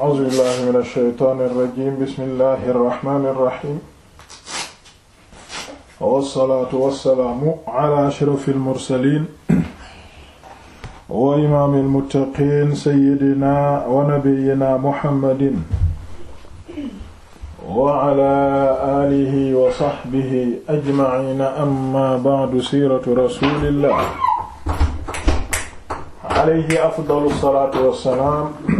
a'uuzu billaahi mina shaytaani rajiim bismillaahi rahmaani rahiim wassalaatu wassalaamu alaa ashrafil mursaliin wa imaamil muttaqiin sayyidinaa wa nabiyyinaa muhammadin wa alaa aalihi wa sahbihi ajmaciina amma ba'du siiratu rasuulillah alayhi afdalu salaatu wassalaam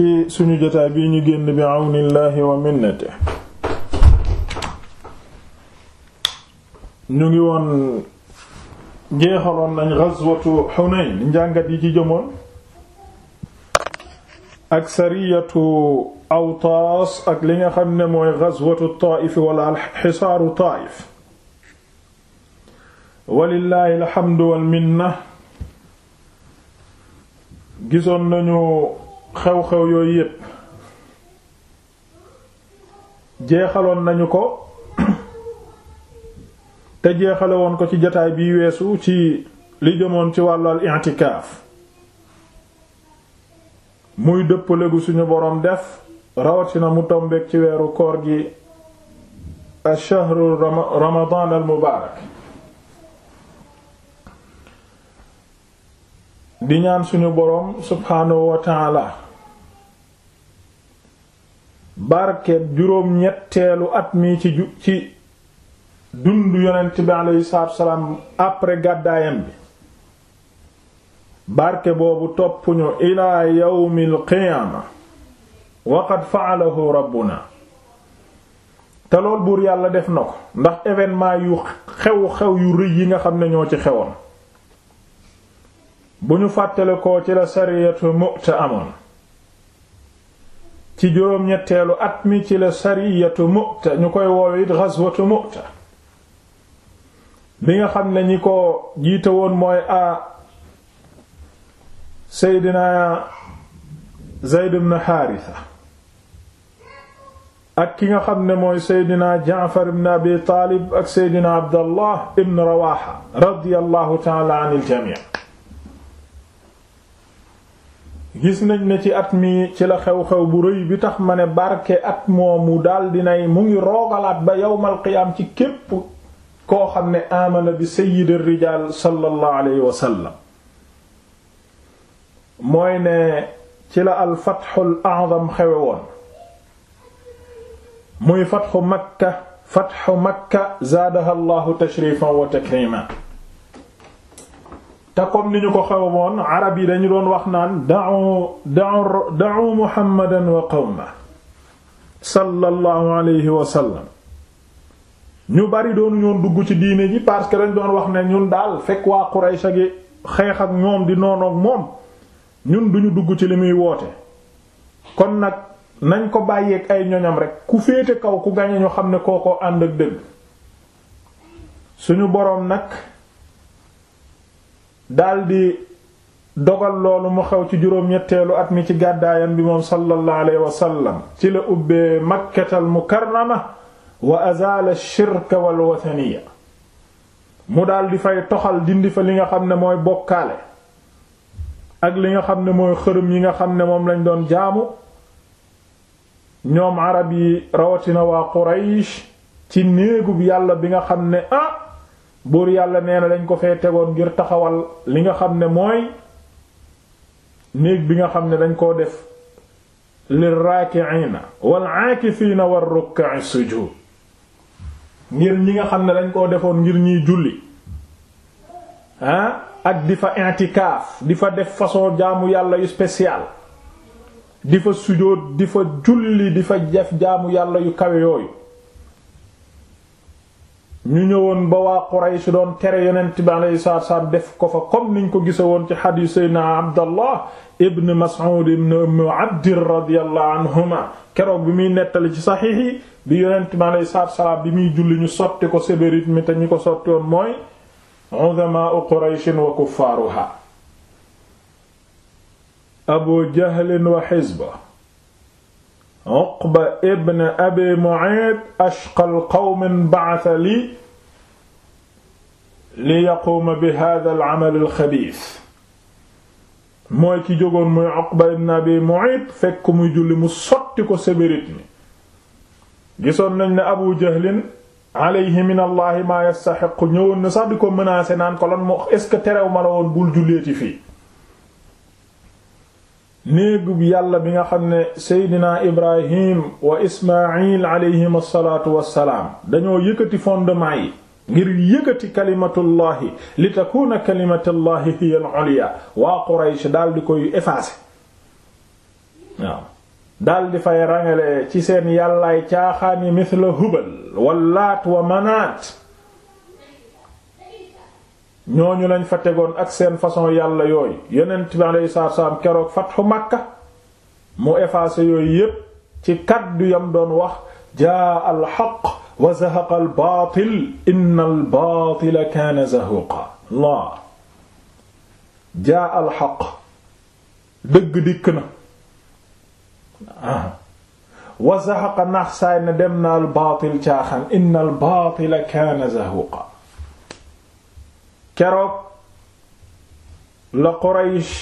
ci suñu jotaa bii ñu génn bi àwnillaahi wa minnate ñu ngi woon jeexaloon nañ ghazwatu Hunayn njàngat yi ci jëmoon ak sariyatu Awtaas ak li nga xam ne mooy ghazwatu Taa'if wala xisaaru Taa'if walillaahi alhamdu wal minna gisoon nañu xew-xew yooyu yépp jeexaloon nañu ko te jeexale woon ko ci jataay bi weesu ci li jëmoon ci wàllu al muy dëppale gu suñu boroom def rawatina mu tombeek ci weeru koor gi ashahru ramadan al mubaarak di ñaan suñu boroom subhaanahu wa taala barkeeb juróom ñetteelu at mi ci ju ci dundu yonent bi aleyhi salaatu wasalaam après gàddaayam bi barke boobu toppuñu ilaa yawmil qiyaama wa qad fa'alahu rabbuna te lool buur yàlla def na ko ndax événement yu xew xew yu rëy yi nga xam ne ñoo ci xewoon bu ñu fàttale ko ci la sariyatu Mu'ta amoon ci juróom-ñetteelu at mi ci la sariyatu Mu'ta ñu koy woowe it ghazwatu Mu'ta bi nga xam ne ñi ko jiite woon mooy a Seydina Zayd ibn Haarisa ak ki nga xam ne mooy Seydina Jaafar ibn Abi Taalib ak Seydina Abdallah ibn Rawaaha radiyallahu ta'ala anil jamii gis nañ ne ci at mi ci la xew-xew bu rëy bi tax ma ne barke at moomu daldi dinay mu ngi roogalaat ba yawmal qiyaam ci képp koo xam ne amana bi sayyid ar-rijaal sallallahu alayhi wa la al fatxul a'zam muy fatxu makka fatxu makka zaadaha allahu tashrifan wa takriman te comme ni ñu ko xew woon arab yi dañu doon wax naan da'u da'u da'u muhammadan wa qawma sallallahu alayhi wa ñu bari doon ñoon dugg ci diine ji parce que dañ doon wax ne ñun daal fekk waa Quraysh gi xeex ak ñoom di noonoog moom ñun duñu dugg ci li muy woote kon nag nañ ko bàyyeeg ay ñoñam rek ku féete kaw ku gañe ñu xam ne kookoo ànd ak dëgg suñu boroom nag daldi dogal loolu mu xew ci juróom-ñetteelu at mi ci gàddaayam bi moom sallallahu alayhi wa sallam ci la ubbee makkatal mukarrama wa azaala shirka wal wathaniya mu daldi fay toxal dindi fa li nga xam ne mooy bokkaale ak li nga xam ne mooy yi nga xam ne moom lañ doon jaamu ñoom arab yi rawatina waa Quraysh ci néegub yàlla bi nga xam ne ah buur yàlla nee na dañ ko fee tegoon ngir taxawal li nga xam ne mooy néeg bi nga xam ne dañ koo def lil raaki'ina wal aakifiina war rukka'i sujud ngir ñi nga xam ne dañ koo defoon ngir ñiy julli ah ak di fa intikaaf di fa def façon jaamu yàlla yu special di fa sujóot di fa julli di fa def jaamu yàlla yu kawe yooyu ñu ñëwoon ba waa Quraysh doon tere yonent bi alayhi salaatu salaam def ko fa comme niñ ko gisa woon ci xadiis Seydina Abdallah ibn Mas'ud ibn Umm Abd radiyallahu anhuma keroog bi muy nettali ci saxiix yi bi yonent bi muy julli ñu sotti ko sébérit mi te ñu ko sotti woon mooy uzamaa'u Quraysh wa kuffaaruha Uqba ibn Abi Mu'ayt ashqal qawmin ba'atha li li yaquuma bi haadha al-amal al-khabiith mooy ki jógoon muy Uqba ibn Abi Mu'ayt fekk muy julli mu sotti ko sébirit mi gisoon nañ ne Abu Jahlin alayhi min Allahi maa yastahiqu ñëwoon na sax di ko menacer naan ko lan moo est-ce que terew ma la woon bul julleeti fii néegub yàlla bi nga xam ne seydina ibrahim wa ismail aleyhim asalaatu wassalaam dañoo yëkkati fondement yi ngir yëkkati kalimatullahi li takuuna kalimatullahi hiya al-ulya waa quraysh daal di koy effacé waaw fay rangale ci seen yàllaay caaxaan mithla hubal wa wa manaat ñooñu lañ fa tegoon ak seen façon yàlla yooyu yonent bi alayhi salaatu salaam keroog fatxu Makka mu effacé yooyu yépp ci kaddu yam doon wax jaa al xaq wa zahaqa al baatil inna al baatila kaana zahuqa laa jaa al xaq dëgg dikk na wa zahaqa naax saay na dem na al baatil caaxaan inna al baatila kaana zahuqa keroog la Quraysh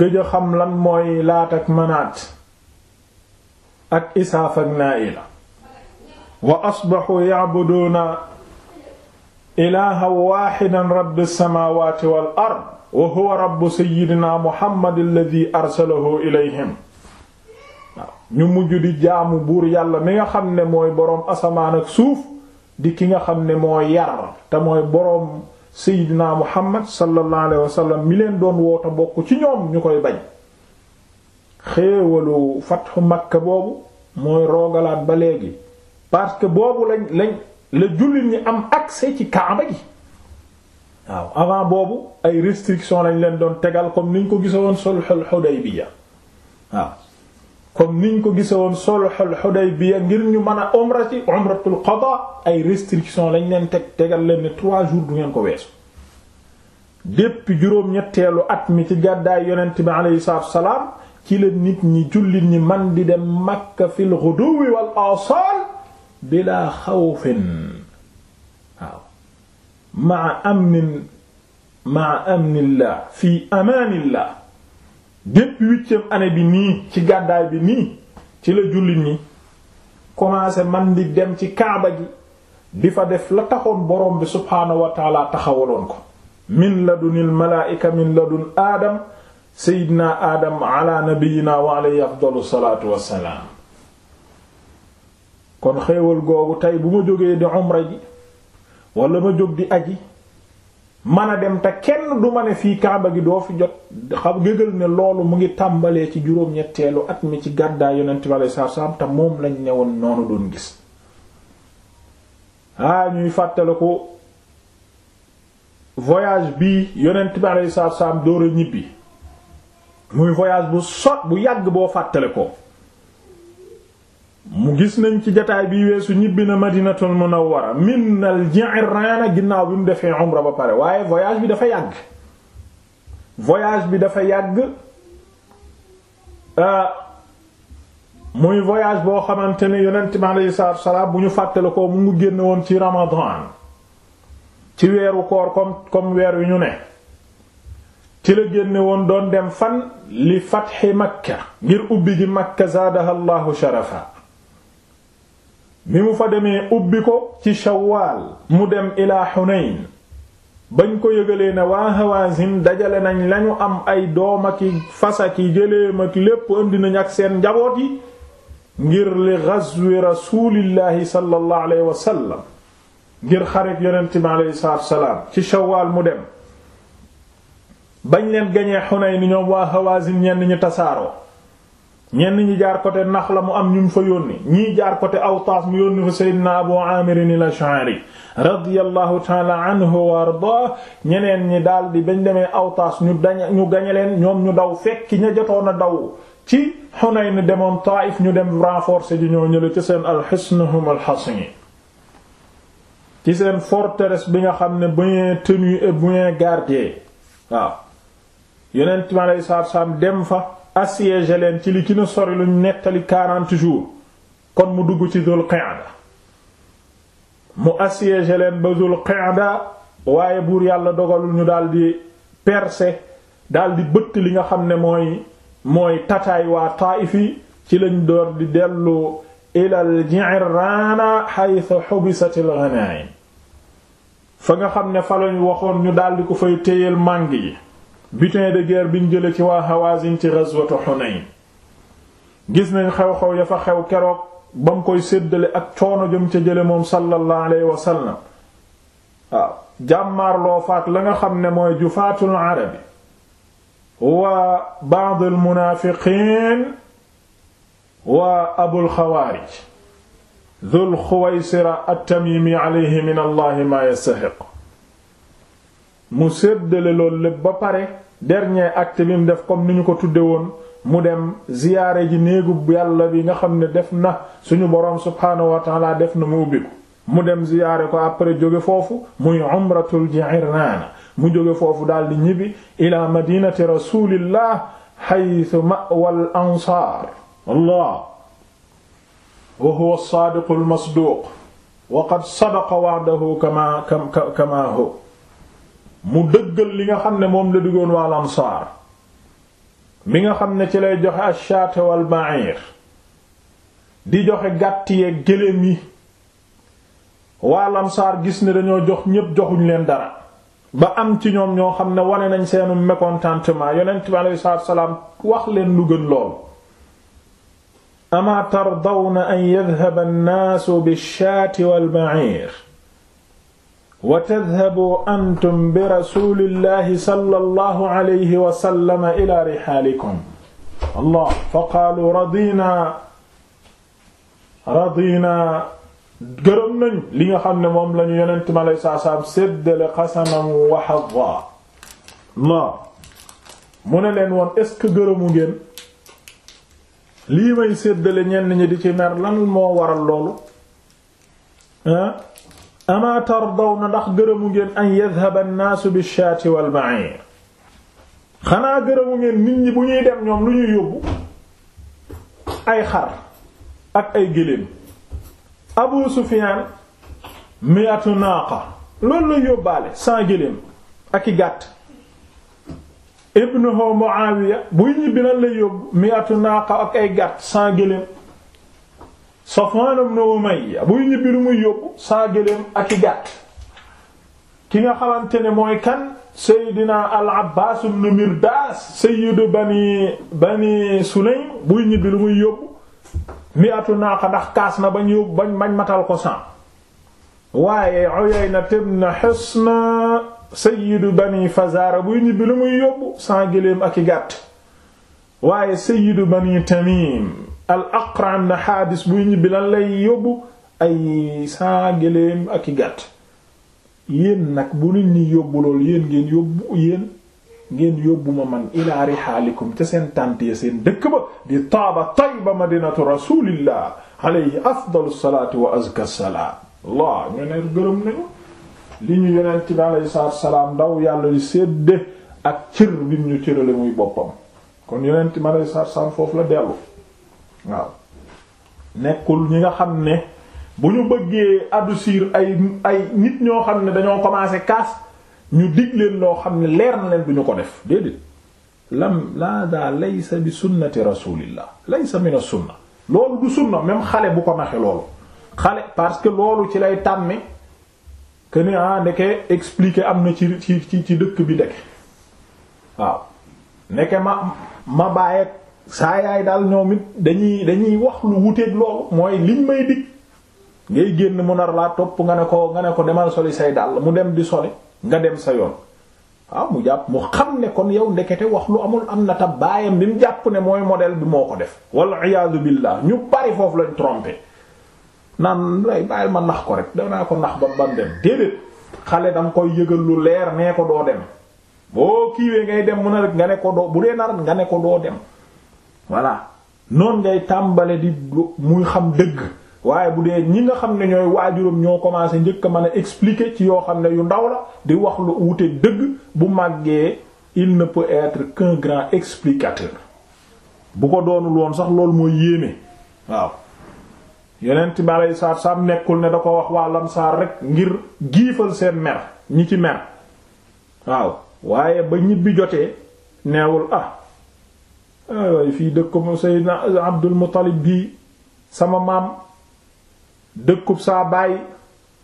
gëj a xam lan mooy Laat ak Manaat ak Isaaf ak Naa'ila wa asbaxu ya'buduuna ilaahan waaxidan rabbi samaawaati wal ard wa huwa rabbu sayyidinaa Muhammad alladii arsalahu ilayhim waaw ñu mujj di jaamu buur yàlla mi nga xam ne mooy boroom asamaan ak suuf di ki nga xam ne moo yar te mooy boroom seydina muhammad sallallahu alayhi wa sallam mi leen doon woota bokk ci ñoom ñu koy bañ xéewalu fatxu makk boobu mooy roogalaat ba léegi parce que boobu lañ lañ la jullit ñi am accès ci kaama gi waaw avant boobu ay restrictions lañ leen doon tegal comme niñ ko gisoon sulhul Hudaybiya waaw comme niñ ko gise woon sulhul Hudaybiya ngir ñu mën a umra ay restriction lañ leen teg tegal leen ne trois jours du ngeen ko weesu depuis juróom-ñetteelu at mi ci gàddaay yonent bi aleyhi salaatu wasalaam ci la ni ñi jullit ni man di dem Makka fil ghuduwi wal asal bila xawfin waaw maa amnin maa amnillah fi amaanillah bépp huitième année bi nii ci gàddaay bi nii ci la jullit ñi commencé man di dem ci kaaba gi bi fa def la taxoon borom bi subhaanahu wa taxawaloon ko min ladunil malaa'ika min ladun aadam seydina aadam wa alayhi afdalu salaatu wassalaam kon xéewal googu tey bu ma jógee di umra ma jóg di aji man a dem te kenn du ma ne fii kaaba gi doo fi jot xam gégal ne loolu mu ngi tàmbalee ci juróom-ñetteelu at mi ci gàddaay yonent bi alei satu salaam te moom lañ ne woon noonu doon gis ah ñuy fàttale ko voyage bi yonent bi alei satu salaam door a ñibbi muy voyage bu sot bu yàgg boo fàttale ko mu gis nañ ci jataay bi weesu ñibbi na madinatul munawwara min al Ji'rana ginnaaw bi mu defee umra ba pare waaye voyage bi dafa yàgg voyage bi dafa yàgg euh, muy voyage boo xamante ni yonent mi alayhi salaatu bu ñu fàttale ko mu ngi génn ci ramadan ci weeru koor comme comme weer wi ñu ne ci la génne doon dem fan li fatxi makka ngir ubbi gi makka zaadaha allahu sharafa mi mu fa demee ubbi ko ci shawaal mu dem ilaa xunayn bañ ko yëgalee ne waa hawazin dajale nañ lañu am ay doom ak fas ak gëléem lépp indi nañ ak seen njaboot yi ngir li ghazwi rasulillahi sallallahu alayhi wa sallam ngir xarit yonent bi alayhi salaatu wassalaam ci shawaal mu dem bañ leen gañee xunayn ñoom waa hawazin ñenn ñu tasaaroo ñenn ñi jaar côté Naxla mu am ñu fa yónni ñii jaar côté Awtaaf mu yónni fa Seydina Abu Aamir al-Ash'ari radiyallahu taala anhu wa ardaah ñeneen ñi daal di bañ demee Awtaas ñu dañ ñu gañe leen ñoom ñu daw fekki ña jotoon a daw ci Hunayn demoon Taayif ñu dem renforcer ji ñoo ñële ci seen al-hisnhum al-hasin ci seen forteresse bi nga xam ne bien tenue et bien gardée waaw yeneen time alay saab dem fa assiégé leen ci li gën a sori luñ nettali quarante jours kon mu dugg ci Zul Qa'da mu assiégé leen ba Zul Qa'da waaye buur yàlla dogalul ñu daal di percer daal di bëtt li nga xam ne mooy mooy tataay waa Taayif ci lañ door di dellu ilal Ji'rana haythu hubisatil ghanaim fa nga xam ne fa lañ waxoon ñu daal di ko fay téyeel màng yi. butin de guerre biñ jële ci waa Hawazin ci ghazwatu Hunayn gis nañ xew-xew xew keroog bam koy séddale ak coono jëm ca jële moom sallallahu alayhi wa sallam waaw jàmmaarloo faak la nga xam ne mooy jufaatul arabi waa ba'd al waa abul xawaarij dhul xuwaysira at-tamimi alayhi min ma yastahiq mu séddale loolu lépp pare dernier acte bi def comme ni ñu ko tudde woon mu dem ziyaare ji néegu yàlla bi nga xam ne def na suñu boroom subhaanahu wa def na mu ubbiku mu dem ziyaare ko après jóge foofu muy umratul ji'irraana mu jóge foofu daldi ñibbi ila madinati rasulillah haythu ma'wal ansaar allah wa huwa as-saadiqul masduuq wa qad mu dëggal li nga xam ne moom la diggoon waa lansaar mi nga xam ne ci lay joxe ash-shaat wal ba'ir di joxe gàtt yeeg gëléem yi waa lansaar gis ne dañoo jox ñépp joxuñ leen dara ba am ci ñoom ñoo xam ne wane nañ seenu mécontentement yonent bi alayhi salaatu salaam wax leen lu gën lool ama tardawna an yadhhaba an-naasu bish-shaati wal ba'ir wa tadhabuu antum bi rasulillahi sallallahu alayhi wa sallam ila rihaalikum allah fa qaalu radina radina gërëm nañ li nga xam ne moom lañu yonent mi alayhi salaatu salaam séddale qasaman wa hadda la mu ne leen woon est-ce que gërëmu ngeen lii may séddale ñenn ñi di ci mer lan moo waral loolu ah amaa tardawna ndax gërëmu ngeen an yadhhaba an-naasu bish-shaati wal-ba'iir xanaa gërëmu ngeen nit ñi bu ñuy dem ñoom lu ñuy yóbbu ay xar ak ay gëléem Abu Sufyaan mi'atu naaqa loolu la yóbbaale cent gëléem ak i gàtt ibnuhu Muawiya buy ñibbi lan la yóbbu mi'atu naaqa ak ay gàtt cent gëléem Safwan ibn Umayya buy ñibbi lu muy yóbbu saa gëléem ak gàtt ki nga xamante ne mooy kan Seydina al-Abbaas ibn Mirdaas sayyidu bani bani buy ñibbi lu muy yóbbu mi atu ndax kaas na bañ matal ko san waaye Uyayna ibn Hisna sayyidu bani Fazaara buy ñibbi lu muy yóbbu saa gëléem ak gàtt waaye sayyidu bani Tamim al aqra na xaadis bu ñibbi lan lay yóbbu ay saa gëléem ak i nag bu nit ñi yóbbu lool yéen ngeen yóbbu ma man ila rihaalikum ca seen tànt ya dëkk ba di taaba tayba madinatu rasulillah alayhi afdalu salaatu wa azka salaam laa ñu ne gërëm nañu li ñu yonent bi alayhi salaatu salaam ndaw yàlla li sédde ak cër bi ñu cërale muy boppam kon yonent bi alayhi salaatu salaam foofu la dellu waaw nekkul ñi nga xam ne bu ñu bëggee adoucir ay ay nit ñoo xam ne dañoo commencé kaas ñu dig loo xam ne leer na leen du ñu ko def déedéet lam laa daa laysa bi sunnati rasulillah laysa min as-sunna loolu du sunna même xale bu ko naxe loolu xale parce que loolu ci lay tàmmi que ni ah ndeke expliquer am na ci ci ci dëkk bi ndeke waaw ndeke ma ma bàyyeek saa yaay daal ñoom it dañuy dañuy wax lu wuteeg loolu mooy liñ may dig ngay génn mu nar laa topp nga ne ko nga ko demal soli say dàll mu dem di soli nga dem sa yoon waaw mu jàpp mu xam ne kon yow ndekete wax lu amul am nata ta baayam bi mu jàpp ne mooy modèle bi moo ko def walla iyaazu billah ñu bari foofu lañ trompé naan lay ma nax ko rek danaa ko nax ba ban dem déedéet xale danga koy yëgal lu leer nee ko doo dem boo kiiwee ngay dem mu ne rek nga ne bu dee nar nga ko doo dem voilà noonu ngay tàmbale di muy xam dëgg waaye bu dee ñi nga xam ne ñooy waajuram ñoo commencé njëkk a mën a ci yoo xam ne yu ndaw la di wax lu wute dëgg bu màggee il ne peut être qu'un grand explicateur bu ko doonul woon sax loolu mooy yéeme waaw yeneen ci bala saat sam nekkul ne da ko wax waa lamsaar rek ngir giifal seen mer ñi ci mer waaw waaye ba ñibbi jotee neewul ah waaye fii dëkkum Seydina Abdul Muttalib bii sama maam dëkkub saa baay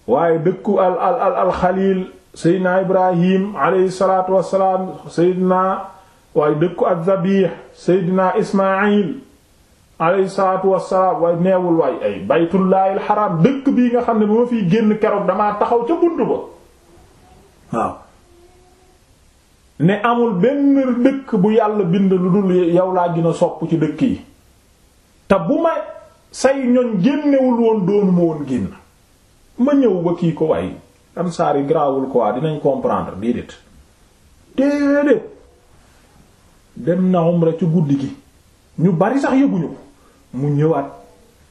waaye dëkku al al al al Xaliil Seydina Ibrahim aleyhi salaatu wa salaam Seydina waaye dëkku ak Zabiix Seydina Ismaayil aleyhi salaatu wa salaam waaye neewul waay ay baytullaahil xaraam dëkk bii nga xam ne ba ma fiy génn keroog damaa taxaw ca bunt ba waaw. ne amul benn dëkk bu yàlla bind lu dul yow laa gën a sopp ci dëkk yi te bu ma say ñoñ génnewul woon doonu ma woon génn ma ñëw ba kii ko waaye ansaar yi grawul quoi dinañ comprendre déedéet déedéet dem na umra ci guddi gi ñu bari sax yëguñu ko mu ñëwaat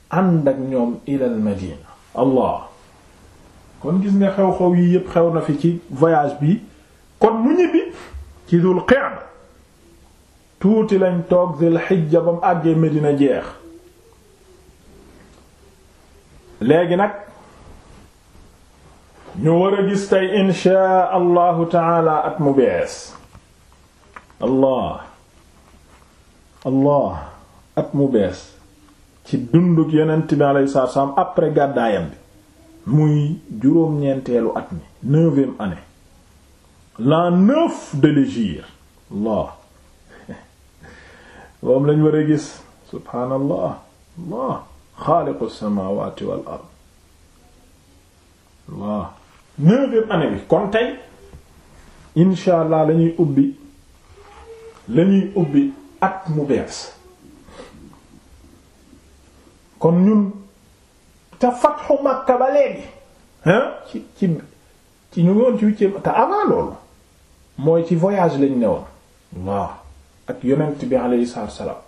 ànd ak ñoom ilal madina allah kon gis nga xew-xew yi yépp xew na fi ci voyage bi kon mu ñibbi ci dul qeeda tuuti lañ toog dul xijja ba mu àggee Medina jeex léegi nag ñu war a gis tey inshaa allahu taala at mu bees allah allah at mu bees ci dunduk yonent bi alayhi salaatu salaam après gàddaayam bi muy juróom-ñeenteelu at mi neuvième année l'an neuf de l'hégire Allah moom lañ war a gis subhaanallah Allah xaaliqu samawati wal ard Allah neuvième année bi kon tey incha allah la ubbi la ubbi at mu bees kon ñun te fatxu Makka ba léegi ci ci ci ñu woon ci huitième te avant loolu mooy ci voyage lañ newoon waaw ak yonent bi alayhi salaatu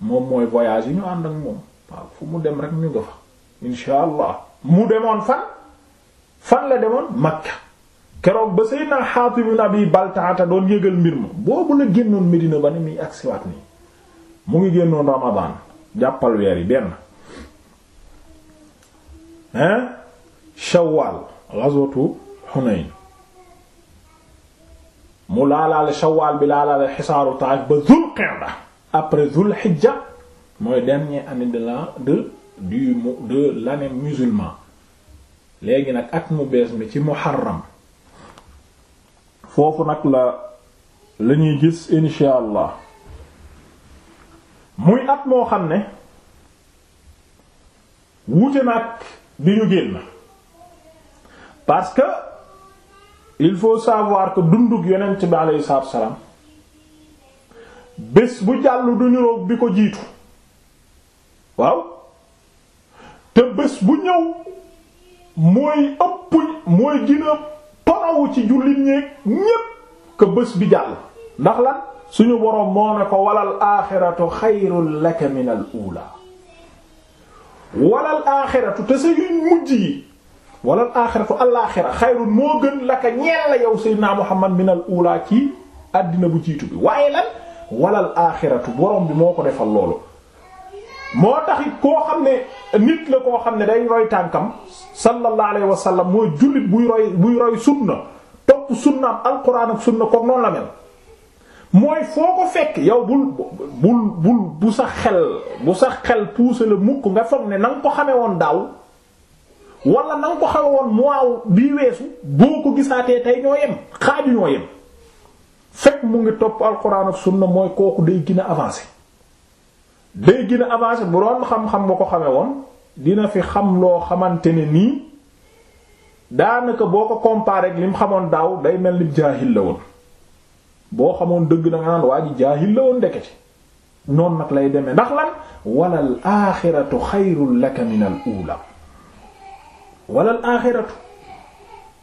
moom mooy voyage yi ñu ànd ak moom waaw fu mu dem rek ñu nga fa insha allah mu demoon fan fan la demoon Makka keroog ba Seydina Haatib ibn Abi Baltaata doon yëgal mbir ma boobu la génnoon Medina ba ni muy agsiwaat nii mu ngi génnoon Ramadan jàppal weer yi benn hein Shawwal ghazwatu Hunayn mu laalaale shawaal bi laalaale xisaaru taaj ba zul qa'da après zul hijja mooy dernier année de l'an de du de l'année musulman léegi nag at mu bees mi ci muharram foofu nag la la ñuy gis insha allah muy at moo xam ne wuute nag bi ñu génn parce que il faut savoir que dundug yonent bi aleyhi salaam bés bu jàll du niroog bi ko jiitu waaw te bés bu ñëw mooy ëpp mooy gina tonawu ci jullit ñeeg ñépp que bés bi jàll ndax lan suñu boroom moo ko walal aaxiratu xayrun laka minal uulaa walal aaxiratu te sa yu mujj yi wala alaaxiratu alaaxira xayrun moo gën lakk ka ñeel la yow Seydina Muhammad minal uulaa ci àddina bu jiitu bi waaye lan wala alaaxiratu borom bi moo ko defal loolu. moo tax it koo xam ne nit la koo xam ne day roy tànkam sallallahu alayhi wa sallam mooy jullit buy roy buy roy sunna topp sunnaam alquran ak sunna kook noonu la mel. mooy foo ko fekk yow bul bul bul bu sax xel bu sax xel poussé la mukk nga foog ne na ko xamee woon daaw. wala na nga ko xawe woon mois bii weesu boo ko gisaatee tey ñoo yem xaaju ñoo yem fekk mu ngi topp alxuraan ak sunna mooy kooku day gën avancé day gën avancé bu doon xam-xam ba ko xamee woon dina fi xam loo xamante ne nii daanaka boo ko comparé ak lim xamoon daaw day mel ni jaahil la woon boo xamoon dëgg na nga naan waa ji jaahil la woon ndekete noonu nag lay demee ndax lan walal aaxiratu xayrun laka minal uula wala al axiratu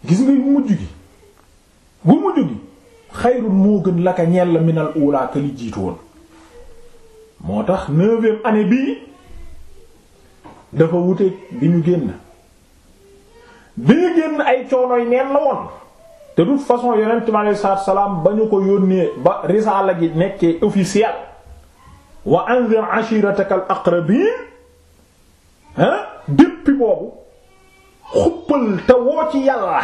gis nga bu mujj gi bu mujj gi xayrun moo gën la ka ñeel min al ula ka woon moo tax neuvième année bii dafa wuteeg bi ñu génn bi ñu génn ay coonoy neen la woon te toute façon yonent mi salaam ba ñu ko yónnee ba risaala gi nekkee officiel wa anzir ashiratakal aqrabin hein depuis boobu xuppal te woo ci yàlla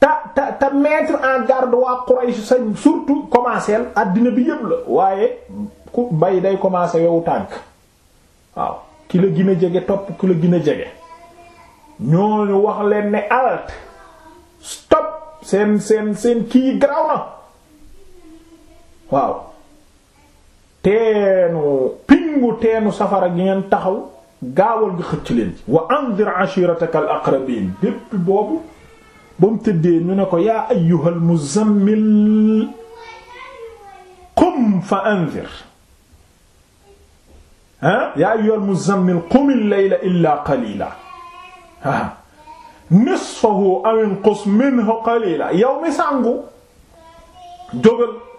te te te mettre en garde waa Quraysh surtout commencer àddina bi yëpp la waaye ku bay day commencer wewu tànk waaw ki la gën a jege topp ki la gën a jege ñooñu wax leen ne alerte stop seen seen seen kii garaaw na waaw teenu pingu teenu safara gi ngeen taxaw gaawal nga xëcc leen ci wa anzir ashiratak al aqrabin dépp boobu ba mu tëddee ñu ne ko yaa ayyuhal muzammil qum fa anzir ah yaa ayyuhal muzammil qumil layla illa qalila ah nisfahu aw inqus minhu qalila yow mi sangu jógal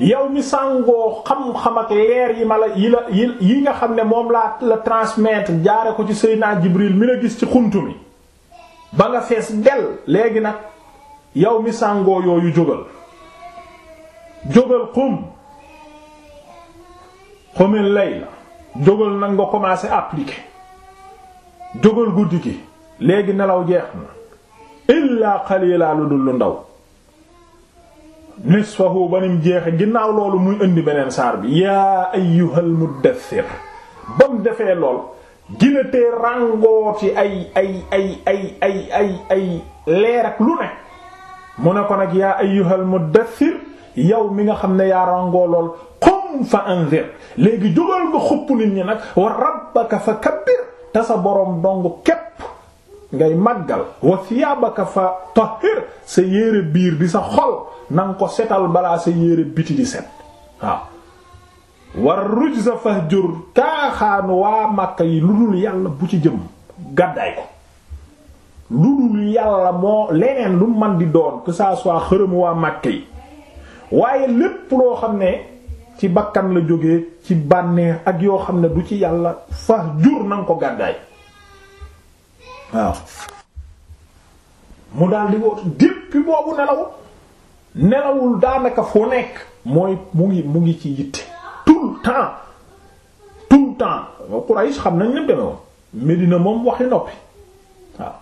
yow mi sàngoo xam-xam ak leer yi ma la yi la yi nga xam ne moom laa la jaare ko ci Seydina Jibril mi la gis ci xunt mi ba nga fees del léegi nag yow mi sàngoo yooyu jógal jógal xum xumil lay la jógal nag nga commencé appliquer jógal guddi gi léegi nelaw jeex na illaa xalilaa lu dul lu ndaw nisfahu ba nim jeexe ginnaaw loolu muy indi beneen saar bi yaa ayyuhal muddaththir ba mu defee lool gina te ràngooti ay ay ay ay ay ay ay leer ak lu ne mu ne ko nag yaa ayyuhal muddaththir yow mi nga xam ne yaa ràngoo lool qum fa anzir léegi jógal nga xupp nit ñi nag wa rabbaka fa kabbir te sa boroom dong képp ngay màggal wa thiyabaka fa tahhir sa yére biir di sa xol na ko setal balaa sa yére biti di set waaw war rujza fahjur kaaxaan waa Makka yi lu dul yàlla bu ci jëm gàddaay ko lu dul yàlla moo leneen lu man di doon que ça soit xërëm waa Makka yi waaye lépp loo xam ne ci bakkan la jóge ci bànneex ak yoo xam ne du ci yàlla fahjur jur nga ko gàddaay waaw mu daal di wootu depuis boobu nelaw nelawul daanaka foo nekk mooy mu ngi mu ngi ci yitte tout le temps tout temps wa Quraysh xam nañ lim deme woon Medina moom waxi noppi waaw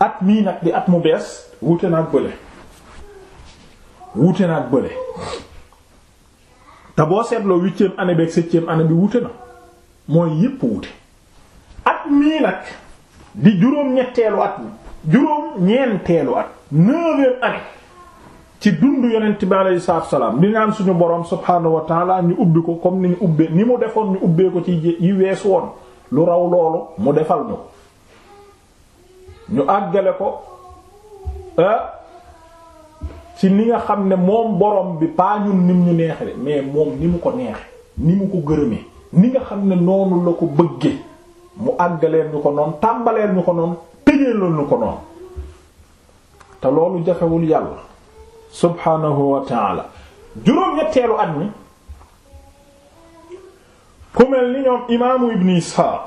at mii nag di at mu bees wuute naag bële wuute naag bële te boo seetloo huitième année beeg septième année bi wute na mooy yépp wuute at mii nag di juróom-ñetteelu at mi juróom-ñeenteelu at neuvième année ci dund yonent bi alayhi salaatu salaam di ñaan suñu borom subhaanahu wa taala ñu ubbi ko comme ni ñu ubbee mu defoon ñu ubbee ko ci yi wees woon lu raw loolu mu defal ñu ñu àggale ko ah, ci ni nga xam ne moom borom bi paa ni nim ñu neexee mais moom ni mu ko neex ni mu ko gërëmee ni nga xam ne noonu la ko bëggee. mu àggaleel ñu ko noonu tàmbaleel ñu ko noonu tëjeelal ñu ko noonu te loolu jafewul yàlla subhanahu wa taala juróom-ñetteelu at mi ku mel ni ñoom imaamu ibn isxaaq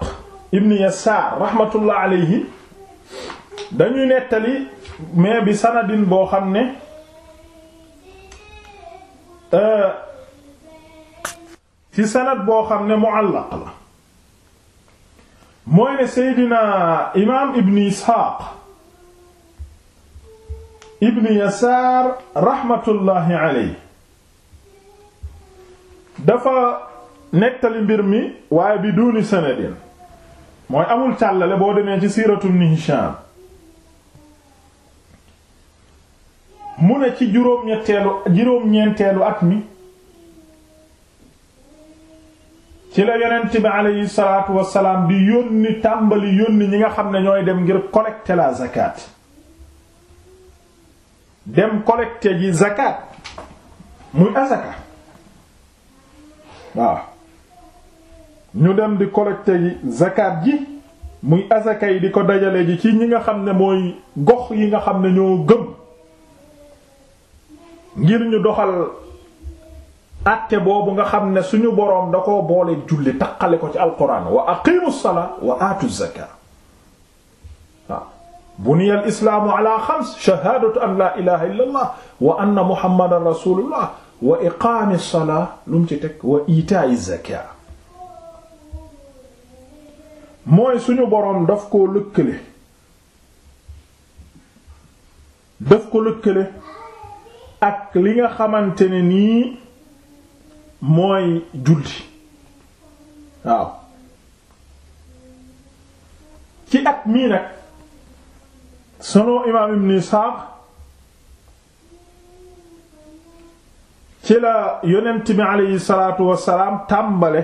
ibn yasaar rahmatullah alayhi dañuy nettali mais bi sanadin boo xam ne euh, ci sanad boo xam ne mu'allaq la mooy ne seydina imaam ibn isxaaq ibn yasaar raxmatullaahi aley dafa nettali mbir mi waaye bi duuni mooy amul càllale boo demee ci siiratu ibn hishaam mu ne ci juróom-ñetteelu juróom-ñeenteelu at ci la yonent bi aleyhi salaatu wassalaam di yónni tàmbali yónni ñi nga xam ne ñooy dem ngir collecter la zakat dem collecter ji zakat muy azaka waaw ñu dem di collecter ji zakat ji muy azaka yi di ko dajale ji ci ñi nga xam ne mooy gox yi nga xam ne ñoo gëm ngir ñu doxal atte boobu nga xam ne suñu boroom da koo boole julli taqale ko ci alquran wa aqimu salaa wa aatu zakaa waaw buniya al an laa ilaha wa iqaami salaa lu ci teg wa iitaa'i zakaa mooy suñu boroom daf ko lëkkale daf ko lëkkale ak li nga xamante ne nii mooy julli waaw ci at mii nag sunu imaam ibn Isaaq ci la yonent bi aleyhi salaatu wassalaam tàmbale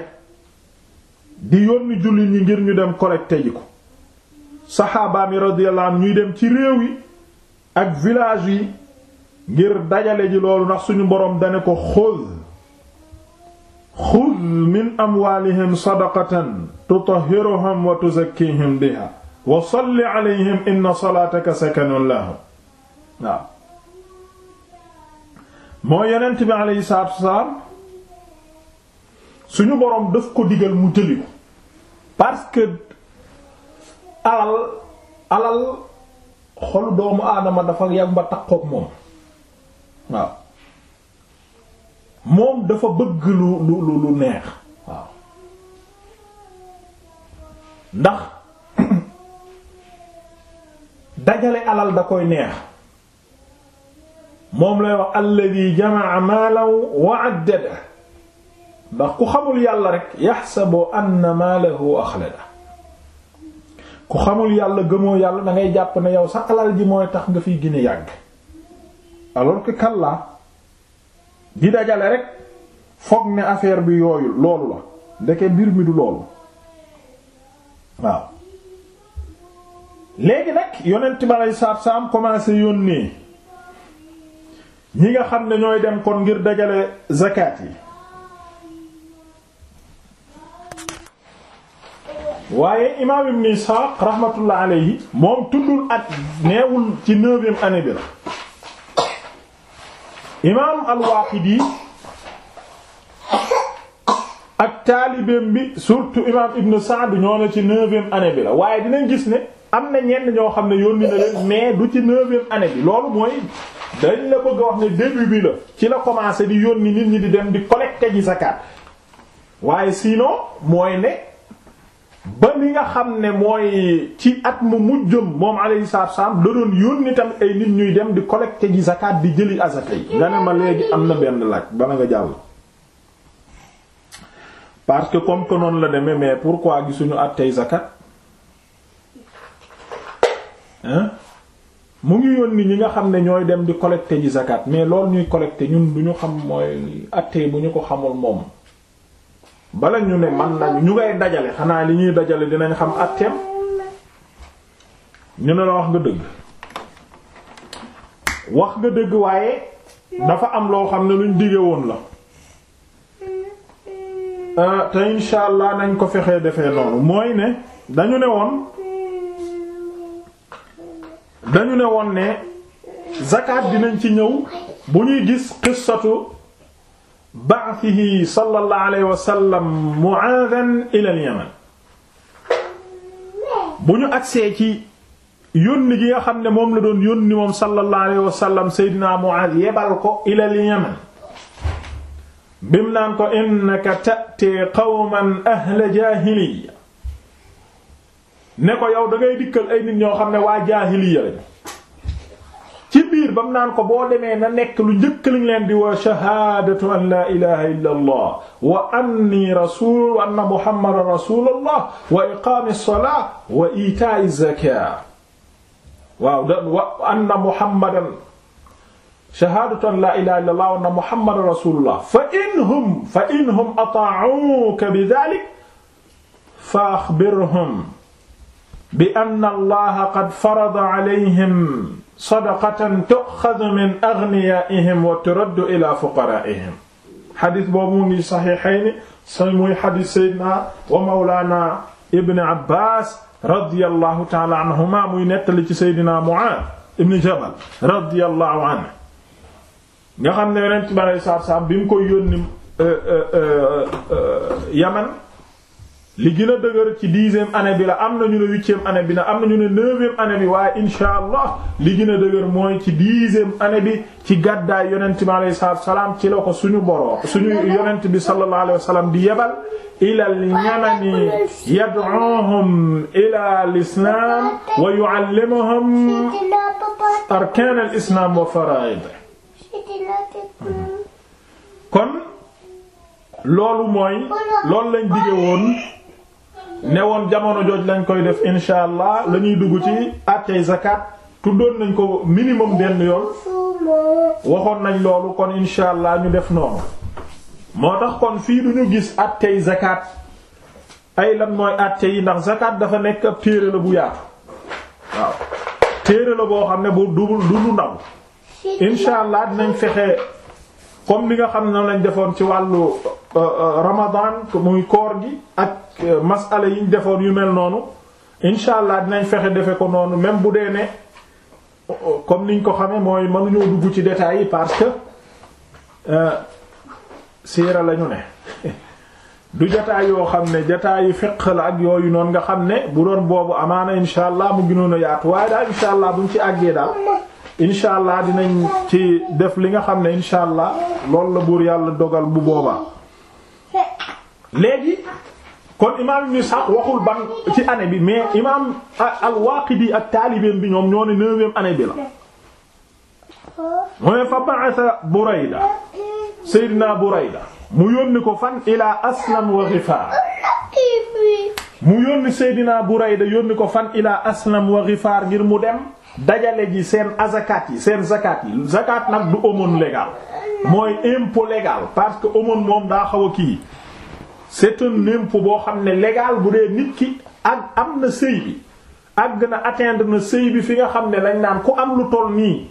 di yónni jullit ñi ngir ñu dem collecté ji ko saxaaba mi radiyallahu ñuy dem ci réew yi ak village yi ngir dajale ji loolu ndax suñu boroom dane ko xool xud min amwaalihim sadaqatan tutahhiruhum wa tuzakkiihim biha wa salli suñu boroom def ko digal mu jëli ko parce que alal alal xolu doomu aadama dafa yàgg ba takkook moom waaw moom dafa bëgg lu lu lu neex waaw ndax dajale alal da koy neex moom lay wax alladi jamaa maalan wa addada ndax ku xamul yàlla rek yaxsabu anna maalahu axlada ku xamul yàlla gëmoo yàlla da jàpp ne yow sa alal ji mooy tax nga fiy gën a yàgg alors que kallaa di dajale rek foog ne affaire bi yooyu loolu la ndeke mbir mi du loolu waaw léegi nag yonent ma lay saab saam yoon yónnee ñi nga xam ne ñooy dem kon ngir dajale zakat yi waaye imaam ibn Isaaq rahmatullah alayhi moom tuddul at neewul ci neuvième année bi la imaam al-Waaqidi ak taalibeem bi surtout imaam Ibn Sa'd ñoo ne ci neuvième année bi la waaye dinañ gis ne am na ñenn ñoo xam ne yónni na leen mais du ci neuvième année bi loolu mooy dañ la bëgg a wax ne début bi la ci la commencé di yónni nit ñi di dem di collecter ji zakat waaye sinon mooy ne. ba li nga xam ne mooy ci at mu mujjëm moom alayhi salaatu salaam da doon yónni tamit ay nit ñuy dem di collecter ji zakat di jëli azaka yi nga ne ma léegi am na benn laaj bala nga jàll parce que comme que la demee mais pour pourquoi gisuñu àttey zakat hein mu ngi yónni ñi nga xam ne ñooy dem di collecter ji zakat mais loolu ñuy collecter ñun du ñu xam mooy àttee bu ñu ko xamul moom bala ñu ne man nañu ñu ngay dajale xanaa li ñuy dajale dinañ xam àtteem ñu ne la wax nga dëgg wax nga dëgg waaye dafa am loo xam ne luñ dige woon la euh, te insha allah nañ ko fexee defee noonu mooy ne dañu ne woon dañu ne woon ne zakat dinañ ci ñëw bu ñuy gis xissatu ba'thihi sallallahu alayhi wa sallam bu ñu agsee ci yónni gi nga xam ne moom la doon yónni moom sallallahu alayhi wa sallam Seydina Mu'aadh yebal ko ila al-Yaman bim naan ko innaka ta'ti qawman ahla jaahiliyya ne ko yow da ngay dikkal ay nit ñoo xam ne waa jaahiliyya lañu julli bam naan ko boo demee na nekk lu njëkk liñ leen di wa shahaadatu an laa ilaha illa allah wa anni rasul wa anna muhammadan rasulullah wa iqaami salaa wa itaa'i zakaa waaw da wa anna muhammadan shahaadatu an laa ilaha illa allah wa anna muhammadan rasulullah fa inhum fa inhum ataa'uuka bi dhaalika fa axbirhum bi anna allaha qad farada alayhim sadaqatan tu'xazu min aghniyaa'ihim wa turaddu ila fuqaraa'ihim xadis boobu mu ngi saxiixayni sa muy xadis sayyidina wa mawlaana ibn Abbaas radiyallahu ta'ala anhuma muy nettali ci sayyidina Mu'aaz ibn Jabal radiyallahu anhu nga xam ne Yonent bi alayhi salaatu wa salaam bi mu ko yónni euh, euh, euh, Yaman li dëgër ci dixième année bi la am na ñu ne huitième année bi am na ñu ne neuvième année bi waaye insha allah li gën a dëgër mooy ci dixième année bi ci gàddaay yonent bi alayhi salaatu wasalaam ci la ko suñu boroom suñu yonent bi sallallahu alayhi salaam di yebal ilal yamani yad'uhum ila l'islam wa yu'allimuhum arkaan al islam wa faraa'id kon loolu mooy loolu lañ dige ne woon jamono jooj lañ koy def insha allah la dugg ci àttey zakat tuddoon nañ ko minimum benn yoon waxoon nañ loolu kon insha allah ñu def noonu moo tax kon fii du ñu gis àttey zakat ay lan mooy àtte yi ndax zakat dafa nekk ab téere la bu yaatu waaw téere la boo xam ne bu dubul du lu ndaw dinañ fexe comme li nga xam ne lañ defoon ci wàllu euh, euh, ramadan muy koor gi ak euh, masala yiñ defoon yu mel noonu incha allah dinañ fexe defe ko noonu même bu dee ne comme niñ ko xamee mooy mënuñoo dugg ci détails yi parce que siira lañu ne du jataay yoo xam ne yi fiq la ak yooyu noonu nga xam ne bu doon boobu amaana incha allah mu gënoon a yaatu waaye daal incha allah buñ ci àggee daal incha allah dinañ ci def li nga xam ne incha allah loolu la buur yàlla dogal bu boobaa léegi kon imaam Ibn waxul ban ci année bi mais imaam al-Waaqidi ak taalibeem bi ñoom ñoo ne neuvième année bi la mu ne fa ba'atha Burayda Seydina Burayda mu yónni ko fan ila Aslam wa Ghifaar mu yónni Seydina Burayda yónni ko fan ila Aslam wa Ghifaar ngir mu dem dajale gi seen azakaat yi seen zakaat yi zakaat nag du aumône légal mooy impôt légal parce que omoon moom daa xaw a kii c'est un boo xam ne légal bu dee nit ki ak am na sëy bi àgg na atteindre na sëy bi fi nga xam ne lañ naan ku am lu toll nii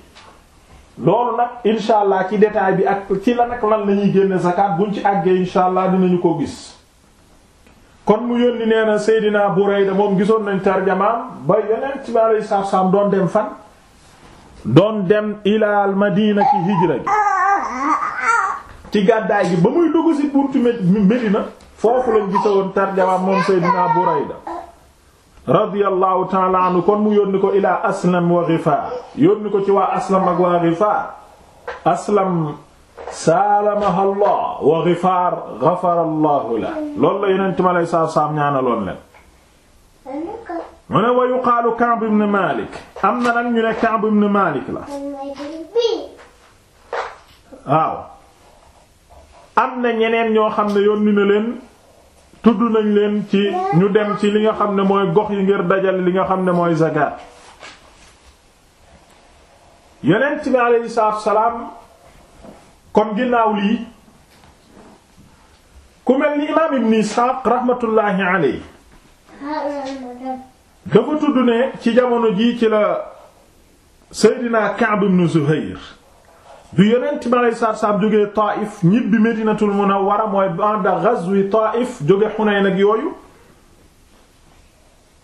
loolu nag insha allah ci détail bi ak ci la nag lan la ñuy génne zakaat buñ ci àggee insha allah dinañu ko gis kon mu yónni nee na Seydina Burayda moom gisoon nañ tarjamaam ba yeneen ci alei saatu salaam doon dem fan doon dem ilaal Madina ci hijra gi ci gàddaay gi ba muy dugg ci buntu Medina foofu lañ gisoon tarjamaam moom Seydina Burayda radiyallahu ta'ala kon mu yónni ko ilaa Aslam wa yónni ko ci waa Aslam ak waa Aslam saalamaha allah wa gifaar gafara allahu la loolu la yonent mi alayhi salaatu salaam leen mu wa yuqaalu Ka'b ibn Malik am na nag ñu ne Ka'b ibn Malik la waaw am na ñeneen ñoo xam ne yónni leen tudd nañ leen ci ñu dem ci li nga xam ne mooy gox yi ngir dajal li nga xam ne mooy zakat yonent mi alayhi kon ginnaaw lii ku mel ni imaam ibn Isxaaq rahmatullahi alayhi dafa tudd ne ci jamono jii ci la Seydina Ka'b ibn Zuhayr du yonent bi aleyhi salaatu salaam jógee Taif ñibbi Madinatul Munawwara mooy ba'da ghazwi Taif jóge Hunayn yooyu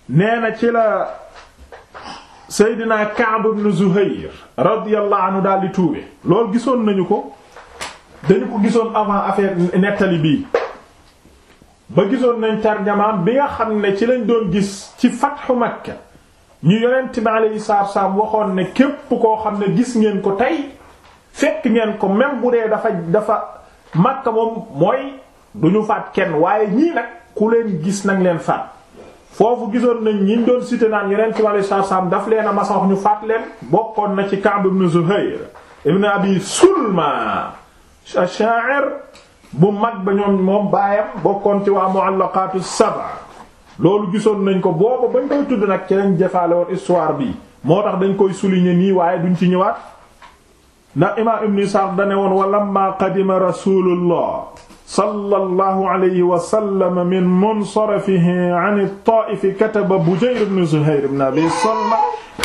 nee na ci la Seydina Ka'b ibn Zuhayr radiyallahu anhu daal di tuube loolu gisoon nañu ko. dañu ko gisoon avant affaire nettali bii ba gisoon nañ tarjamaam bi nga xam ne ci lañ doon gis ci fatxu Makka ñu yonent bi alayhi salaatu salaam waxoon ne képp koo xam ne gis ngeen ko tey fekk ngeen ko même bu dee dafa dafa Makka moom mooy du ñu faat kenn waaye ñii nag ku leen gis nag leen faat foofu gisoon nañ ñi doon cité naan yonent bi alayhi salaatu salaam daf leen a masa wax ñu faat leen bokkoon na ci Ka'b ibn Zuhayr ibn Abi Sulma sha'ir bu mag ba moom baayam bokkoon ci waa mu'allaqatu sab'a loolu gisoon nañ ko booba bañ koy tudd nag ci lañ jafaale woon histoire bi moo tax dañ koy souligner nii waaye duñ ci ñëwaat ndax imaam ibn Isaaq dane woon wa lamma qadima rasulullah sallallahu alayhi wa sallam min munsarafihi an at-Taa'if kataba Bujayr ibn Zuhayr ibn Abi Salma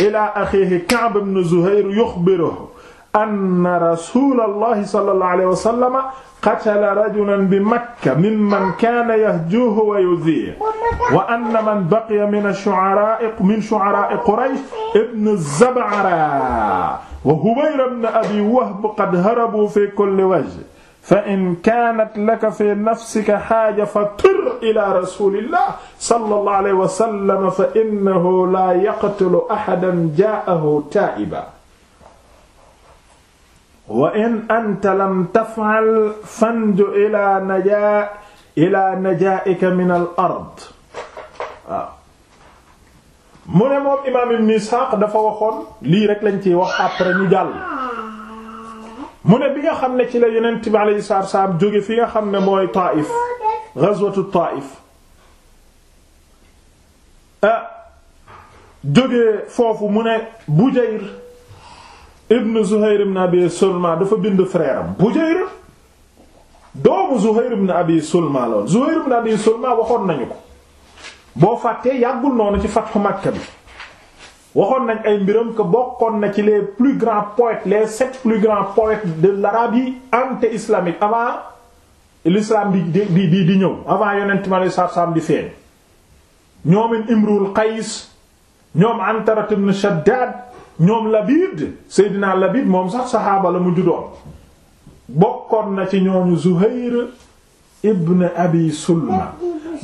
ila akhihi Ka'b ibn Zuhayr yukhbiruhu anna rasulallahi sallallahu alayhi wa sallam qatala rajulan bi makka mimman kaana yahjuuhu wa yudhiihu wa anna man baqiya min ash-shu'araa'i min shu'araa'i quraysh ibn zab'ara wa hubayra ibn abi wahb qad harabu fi kulli wajh fa in kaanat laka fi nafsika haaja fatir ilaa rasuulillah sallallahu alayhi wa sallam fa innahu laa yaqtulu ahadan jaa'ahu taa'iban wa in anta lam taf'al fanju ila najaa ila najaa'ika min al ard waaw mu ne moom imaam ibn Isxaaq dafa waxoon lii rek lañ ciy wax après ñu jàll mu ne bi nga xam ne ci la yonent bi alayhi salaatu wassalaam jóge fi nga xam ne mooy Taa'if ghazwatu Taa'if ah jóge foofu mu ne Bujayr ibn Zuhayr ibn Abi Sulma dafa bind frère Bujayr doomu Zuhayr ibn Abi Sulma lool Zuhayr ibn Abi Sulma waxoon nañu ko boo fàttee yàggul noonu ci Fathu Makka bi waxoon nañ ay mbiram que bokkoon na ci les plus grands poètes les sept plus grands poètes de l'Arabie anté-islamique avant l'islam di di di ñëw avant yonent mi alei di feeñ ñoomin Imrul Qays ñoom Antarat ibn Shaddad ñoom Labid Seydina Labid moom sax saxaaba la mujj juddoon bokkoon na ci ñooñu Zuhayr ibn Abi Sulma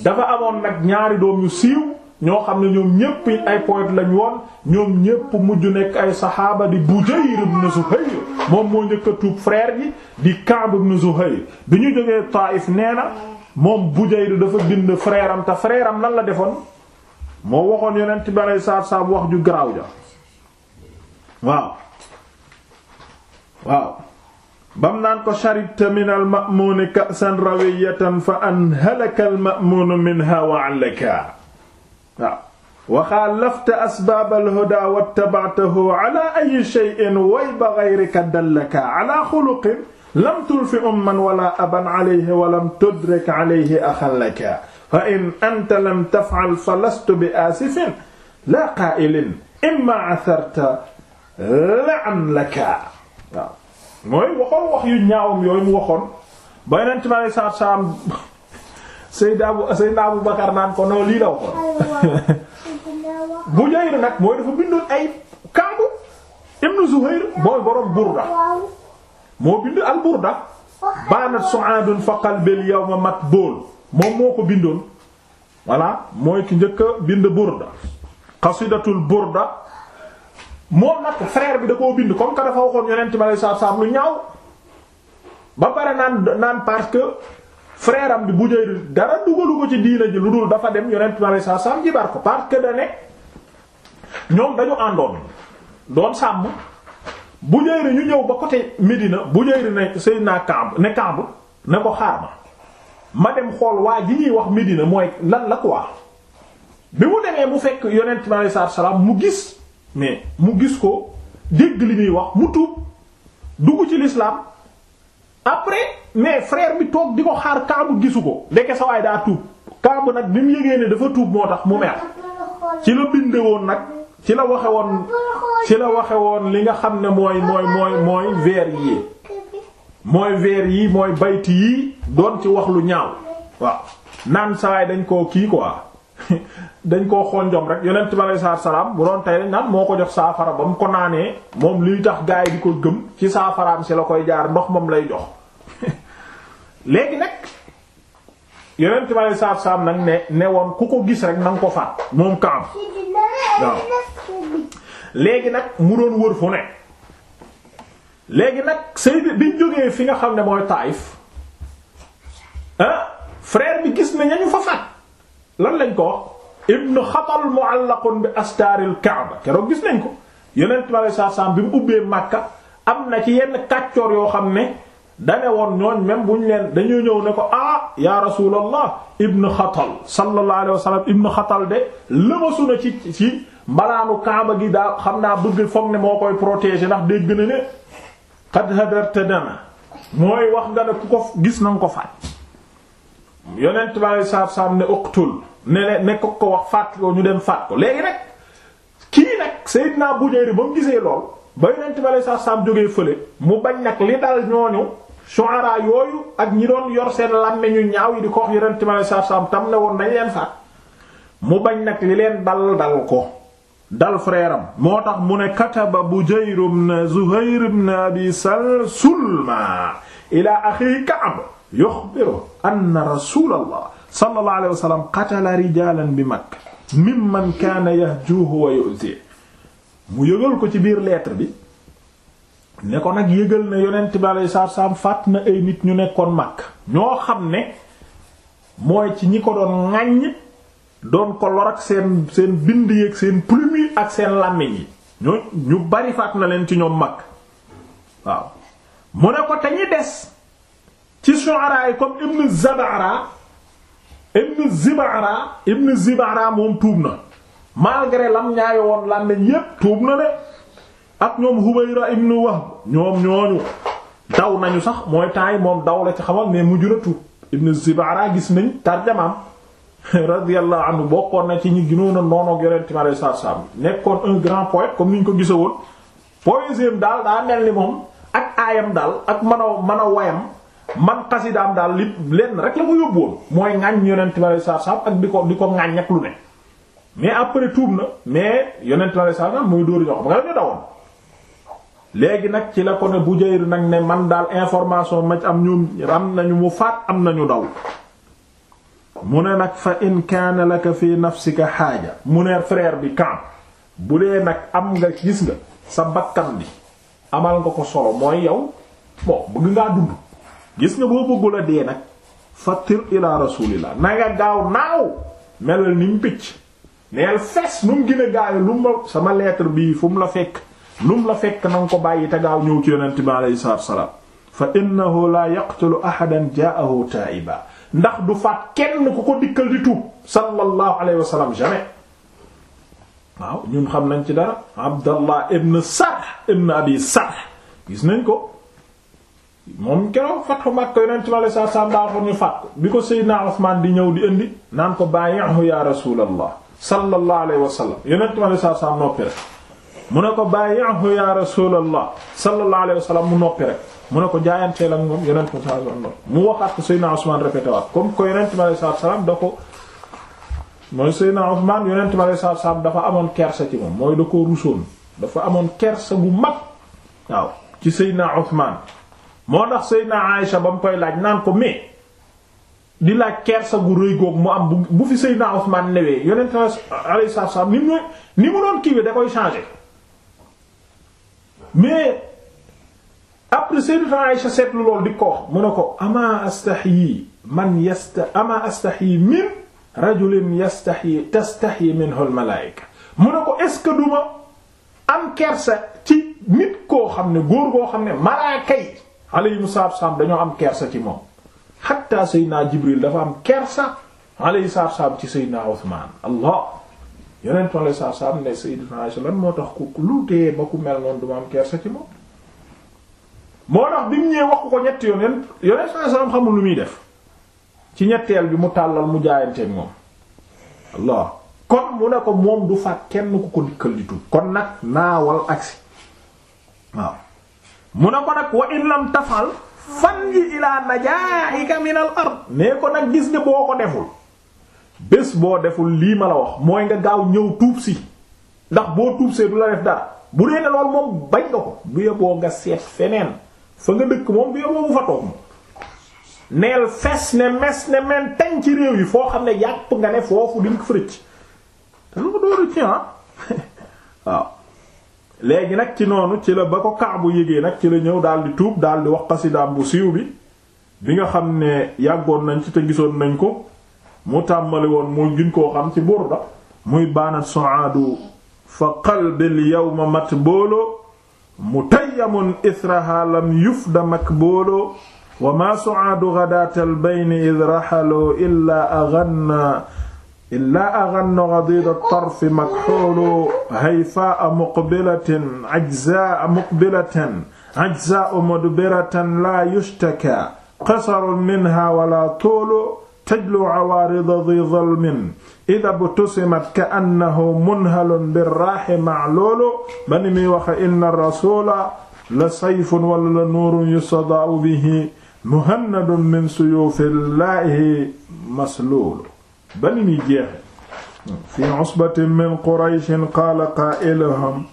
dafa amoon nag ñaari doom yu siiw ñoo xam ne ñoom ñépp ay point lañ woon ñoom ñépp mujj nekk ay saxaaba di Bujayr ibn Zuhayr moom moo njëkk a tuub frère yi di Ka'b ibn Zuhayr bi ñu jógee Taif nee na moom Bujayr dafa bind frère am te frère am la defoon moo waxoon yonent bi alayhi salaatu wa wax ju garaaw ja waaw waaw bam naan ko sharibta min almamuuni ka'san rawiyatan fa anhalaka almamuunu minha wa allaka waaw wa xaalafta asbaab alhudaa wattaba'tahu ala ayyi shay'in wayba ghayrika dallaka ala xuluqin lam tulfi umman wala aban alayhi wa lam tudrik alayhi axan laka fa in anta lam taf'al fa lastu bi aasifin laa qaa'ilin imma atharta la'allaka waaw mooy waxoon wax yu ñaawam yooyu mu waxoon ba yonent bi alayhi salaatu salaam Seydina Abu Seydina Abu Bakar naan ko non lii la waxoon bu Jayr nag mooy dafa bindoon ay Kaabu ibnu Zuhayr mooy borom Burda moo bind al Burda baanat su'aadun fa qalbil yawma matbuul moom moo ko bindoon voilà mooy ki njëkk bind Burda qasidatul Burda moo nag frère bi da koo bind comme que dafa waxoon yonent bi alayhi salaam lu ñaaw ba pare naan naan parce que frère bi bu jëy dara dugalu ko ci diina ji lu dul dafa dem yonent bi alayhi salaam jibar ko parce que da ne ñoom dañu àndoon doon sàmm bu jëy ñu ñëw ba côté Médina bu jëy ne Seydina Kamb ne Kamb ne ko xaar ma ma dem xool waa ji ñuy wax Médina mooy lan la quoi bi mu demee mu fekk yonent bi alayhi salaam mu gis. mais mu gis ko dégg li muy wax mu tuub dugg ci lislaam après mais frère bi toog di ko xaar kaabu gisu ko ndeke sa waay daa tuub kaabu nag bi mu yëgee ne dafa tuub moo tax mu mer ci la binde nag ci la waxe woon ci la waxe woon li nga xam ne mooy mooy mooy mooy vers yi mooy vers yi mooy bayti yi doon ci wax lu ñaaw waaw naan sawaay dañ ko kii ko quoi dañ koo xonjom rek yonent bi aleyhi salaatu salaam bu doon tey naan moo ko jox saafara ba mu ko naanee moom liy tax gaa yi di ko gëm ci saafaraam si la koy jaar ndox moom lay jox léegi nag yonent bi aleyhi salaatu nag ne ne woon ku ko gis rek na nga ko faat moom kaam léegi nag mu doon wër fu ne léegi nag Seydou bi jógee fi nga xam ne mooy Taïf ah frère bi gis ne ñañu fa faat lan lañ ko wax ibnu xatal mu'allaqun bi astaaril kaaba keroog gis nañ ko yonent bi alei satu salaam bi mu ubbee màkka am na ci yenn kàccoor yoo xam ne dane woon ñooñ même bu ñu leen dañoo ñëw ne ko ah ya rasulallah ibnu xatal sallallahu alayhi wa xatal de lëmasu na ci ci mbalaanu kaaba gi daal xam naa bëgg foog ne moo koy protéger ndax dégg na ne qad hadarta mooy wax nga ne ku ko gis na ko faat yonent bale saab saab ne uqtul ne ne ko ko wax faat ko ñu dem faat ko léegi nag kii nag Seydina Bujayr ba mu gisee lool ba yonent bale saab saab jógee fële mu bañ nag li dal ñooñu shu'ara yooyu ak ñi doon yor seen làmme ñu ñaaw yi di ko wax yonent tam ne woon nañ leen faat mu bañ nag li leen dal dal ko dal frère moo tax mu ne kataba Bujayr ibn Zuhayr ibn Abi Sulma ila akhi Ka'b yuxbiru anna rasulallah sallallahu alayhi wa sallam qatala rijalan bi mag mimman kaana yahjuuhu wa yu'zi mu yëgal ko ci biir lettre bi ne ko nag yëgal ne yonent bi alayhi salaatu salaam faat na ay nit ñu nekkoon Makka ñoo xam ne mooy ci ñi ko doon ŋaññ doon ko lor seen seen bind yeeg seen plume ak seen làmmiñ yi ñoo ñu bari faat na leen ci ñoom Makka waaw mu ne ko te ñi des ci shu'ara yi comme ibn Zabara ibn Zibara moom tuub na malgré lam ñaayo woon làmmiñ yépp tuub na de ak ñoom Hubayra ibn Wahb ñoom ñooñu daw nañu sax mooy temps moom daw la ci xamal mais mujj na tuub ibn Zibara gis nañ tarjamaam radiyallahu anhu bokkoon na ci ñi gënoon a noonoog yorenti ma lay saabsaab nekkoon un grand poète comme ni ñu ko gisa woon poésie daal daa mel ni moom ak aayam daal ak mën a mën a woyam man xasidaam daal li lenn rek la ko yóbbuwoon mooy ŋaññ yonent bi alayhi salaatu ak di ko di ko ŋaññ ak lu ne mais après tuub na mais yonent bi alayhi muy dóor ñoo xam nga nag ci la ko ne nag ne man daal information ma am ñoom am nañu mu faat am nañu daw mu ne nag fa in kaana laka fi nafsika xaaja mu ne frère bi camp bu dee nag am nga gis nga sa bakkan bi amal nga ko solo mooy yow bëgg ngaa dund gis nga boo bëggula dee nag fattir ila rasulillah na nga gaaw naaw melal ni mu picc neel fes nu mu gën a lu mu sama lettre bii fu la fekk lu la fekk na ko bàyyi te gaaw ñëw ci yonent bi alayhi fa innahu la yaqtulu ahadan ja'ahu taa'iba ndax du faat kenn ku ko dikkal di tuub sallallahu alayhi wa sallam jamais xam nañ ci dara abdallah ibn sarh ibn abi sarh gis nañ ko moom keroog fatxu Makka yonent bi alayhi salaatu salaam daa waxoon ko bi ko Seydina Usmaan di ñëw di indi naan ko bàyyihu ya rasulallah sallallahu alayhi wa sallam yonent bi alayhi salaatu salaam noppi rek mu ne ko bàyyihu ya rasulallah sallallahu alayhi wa sallam mu noppi rek mu ne ko jaayanteel ak moom yonent bi alayhi salaatu salaam mu waxaat ko Seydina Usmaan répété waat comme que yonent bi alayhi salaatu salaam da ko mooy Seydina dafa amoon kersa ci moom mooy da ko rusoon dafa amoon kersa gu mag waaw ci Seydina Usmaan moo sëy naa Aïcha ba mu koy laaj naan ko mais di laaj kersa gu rëy goog mu am bu fi Seydina Ousmane newee yonent alayhi salaam ni mu ni mu doon kiiwee da koy changer mais après Seydina Aïcha seetlu lool di ko wax mu ko ama man yasta ama astahyi min rajulin yastahyi mu ne ko est-ce que duma am kersa ci nit koo xam ne góor koo xam ne malaaka yi yi mu wa salaam dañoo am kersa ci moom hatta Seydina Jibril dafa am kersa alayhi salaatu wa salaam ci Seydina Usmaan allah yeneen tool yi saa saa am ne Seydina Aysa lan moo tax ku lu dee ba ku am kersa ci moom. moo tax bi xamul lu muy def ci ñetteel bi mu tàllal mu jaayanteeg moom allah kon mu ne ko moom du faat kenn ku ko dikkal di tuub kon nag naawal agsi waaw. mu ne ko nag wa in tafal fan yi ilaa najaaxika yi al ard nee ko nag gis ne boo ko deful bés boo deful lii ma la wax mooy nga gaaw ñëw tuub si ndax boo tuub see du la def dara bu dee ne lool moom bañ nga ko bu yeboo nga seet feneen fa nga dëkk moom bu yeboo bu fa toog moom neel fes ne mes ne men tañ ci réew yi foo xam ne yàpp nga ne foofu diñ ko fërëcc te lu ko dóoru ci ah waaw léegi nag ci noonu ci la ba ko Kaabu yégee nag ci la ñëw daal di tuub daal di wax xasidaam bu siiw bi bi nga xam ne yàggoon nañ ci te gisoon nañ ko mu tàmmali woon mu jun koo xam ci burda muy baanat soaadu fa qalbil yawma mat booloo mu tayyamun israha lam yufda mak booloo wa ma soaadu gadaatal bayni id raxaloo illaa aghanna illaa aghanna ghadida tarfi makxoolu hayfaa muqbilatin ajzaa muqbilatan ajzaa mudbiratan laa yushtakaa qasaru minha wala toolu tajlu cawaarida di dalmin ida btusimat kaannahu munhalun birraaxi macloolu ba ni muy waxe inna rasula la sayfun wala la nuurun yustadaau bihi muhannadun min suyuufi llaahi masluulu ba ni muy jeexe fi usbatin min qurayshin qaala qaa'iluhum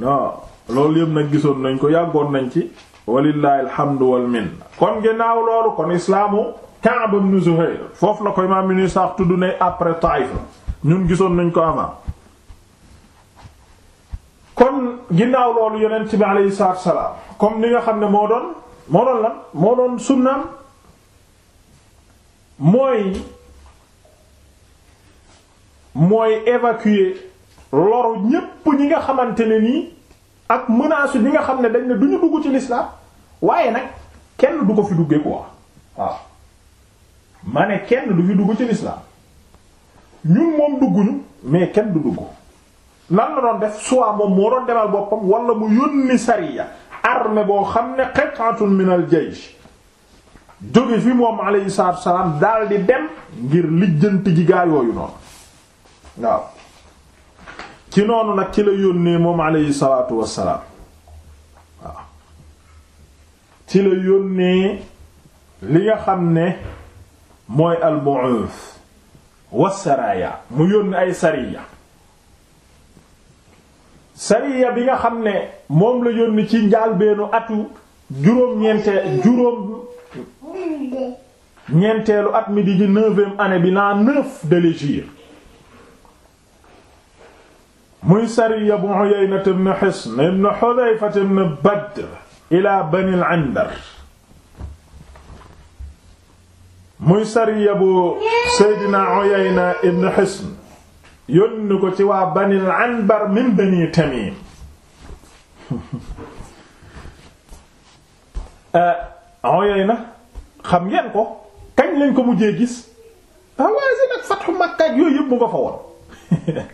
waaw loolu yëpp nag gisoon nañ ko yàggoon nañ ci walillahi alhamdu wal minna kon ginnaaw loolu kon islaamu Ka'b ibn Zuhayr foofu la koy maam mi nuy saax tudd ne après Taïf ñun gisoon nañ ko avant kon ginnaaw loolu yonent bi alayhi salaam comme ni nga xam ne moo doon moo doon lan moo doon sunnaam mooy mooy évacuer loru ñépp ñi nga xamante ne nii ak menace bi nga xam ne dañ ne duñu ñu dugg ci l'islam waaye nag kenn du ko fi duggee quoi waaw ma ne kenn du fi dugg ci l'islam ñun moom dugguñu mais kenn du dugg lan la doon def soit moom moo doon demal boppam wala mu yónni sariya armée boo xam ne qit'atun min al jaysh jóge fi moom alayhi salaatu wasalaam daal di dem ngir lijjanti ji gaa noonu waaw ci noonu nag ci la yónnee moom alayhi salaatu wasalaam waaw ci la yónnee li nga xam ne mooy al-bu'uth mu yónni ay sariya sariya bi nga xam ne moom la yónni ci njaalbeenu atu juróom-ñeente juróom ñeenteelu at mi di ji neuvième année bi l'an neuf de l'hégire muy sariya bu Uyayna ibn Hisn ibn Hudayfa ibn Badr ila Bani al-Andar muy sariya bu Seydina Uyayna ibn Hisn yónni ko ci waa Bani al-Anbar min Bani Tamim uh, Uyayna xam ngeen ko kañ lañ ko mujjee gis Hawazin ah, ak fathu Makka ak yooyu yëpp mu nga fa woon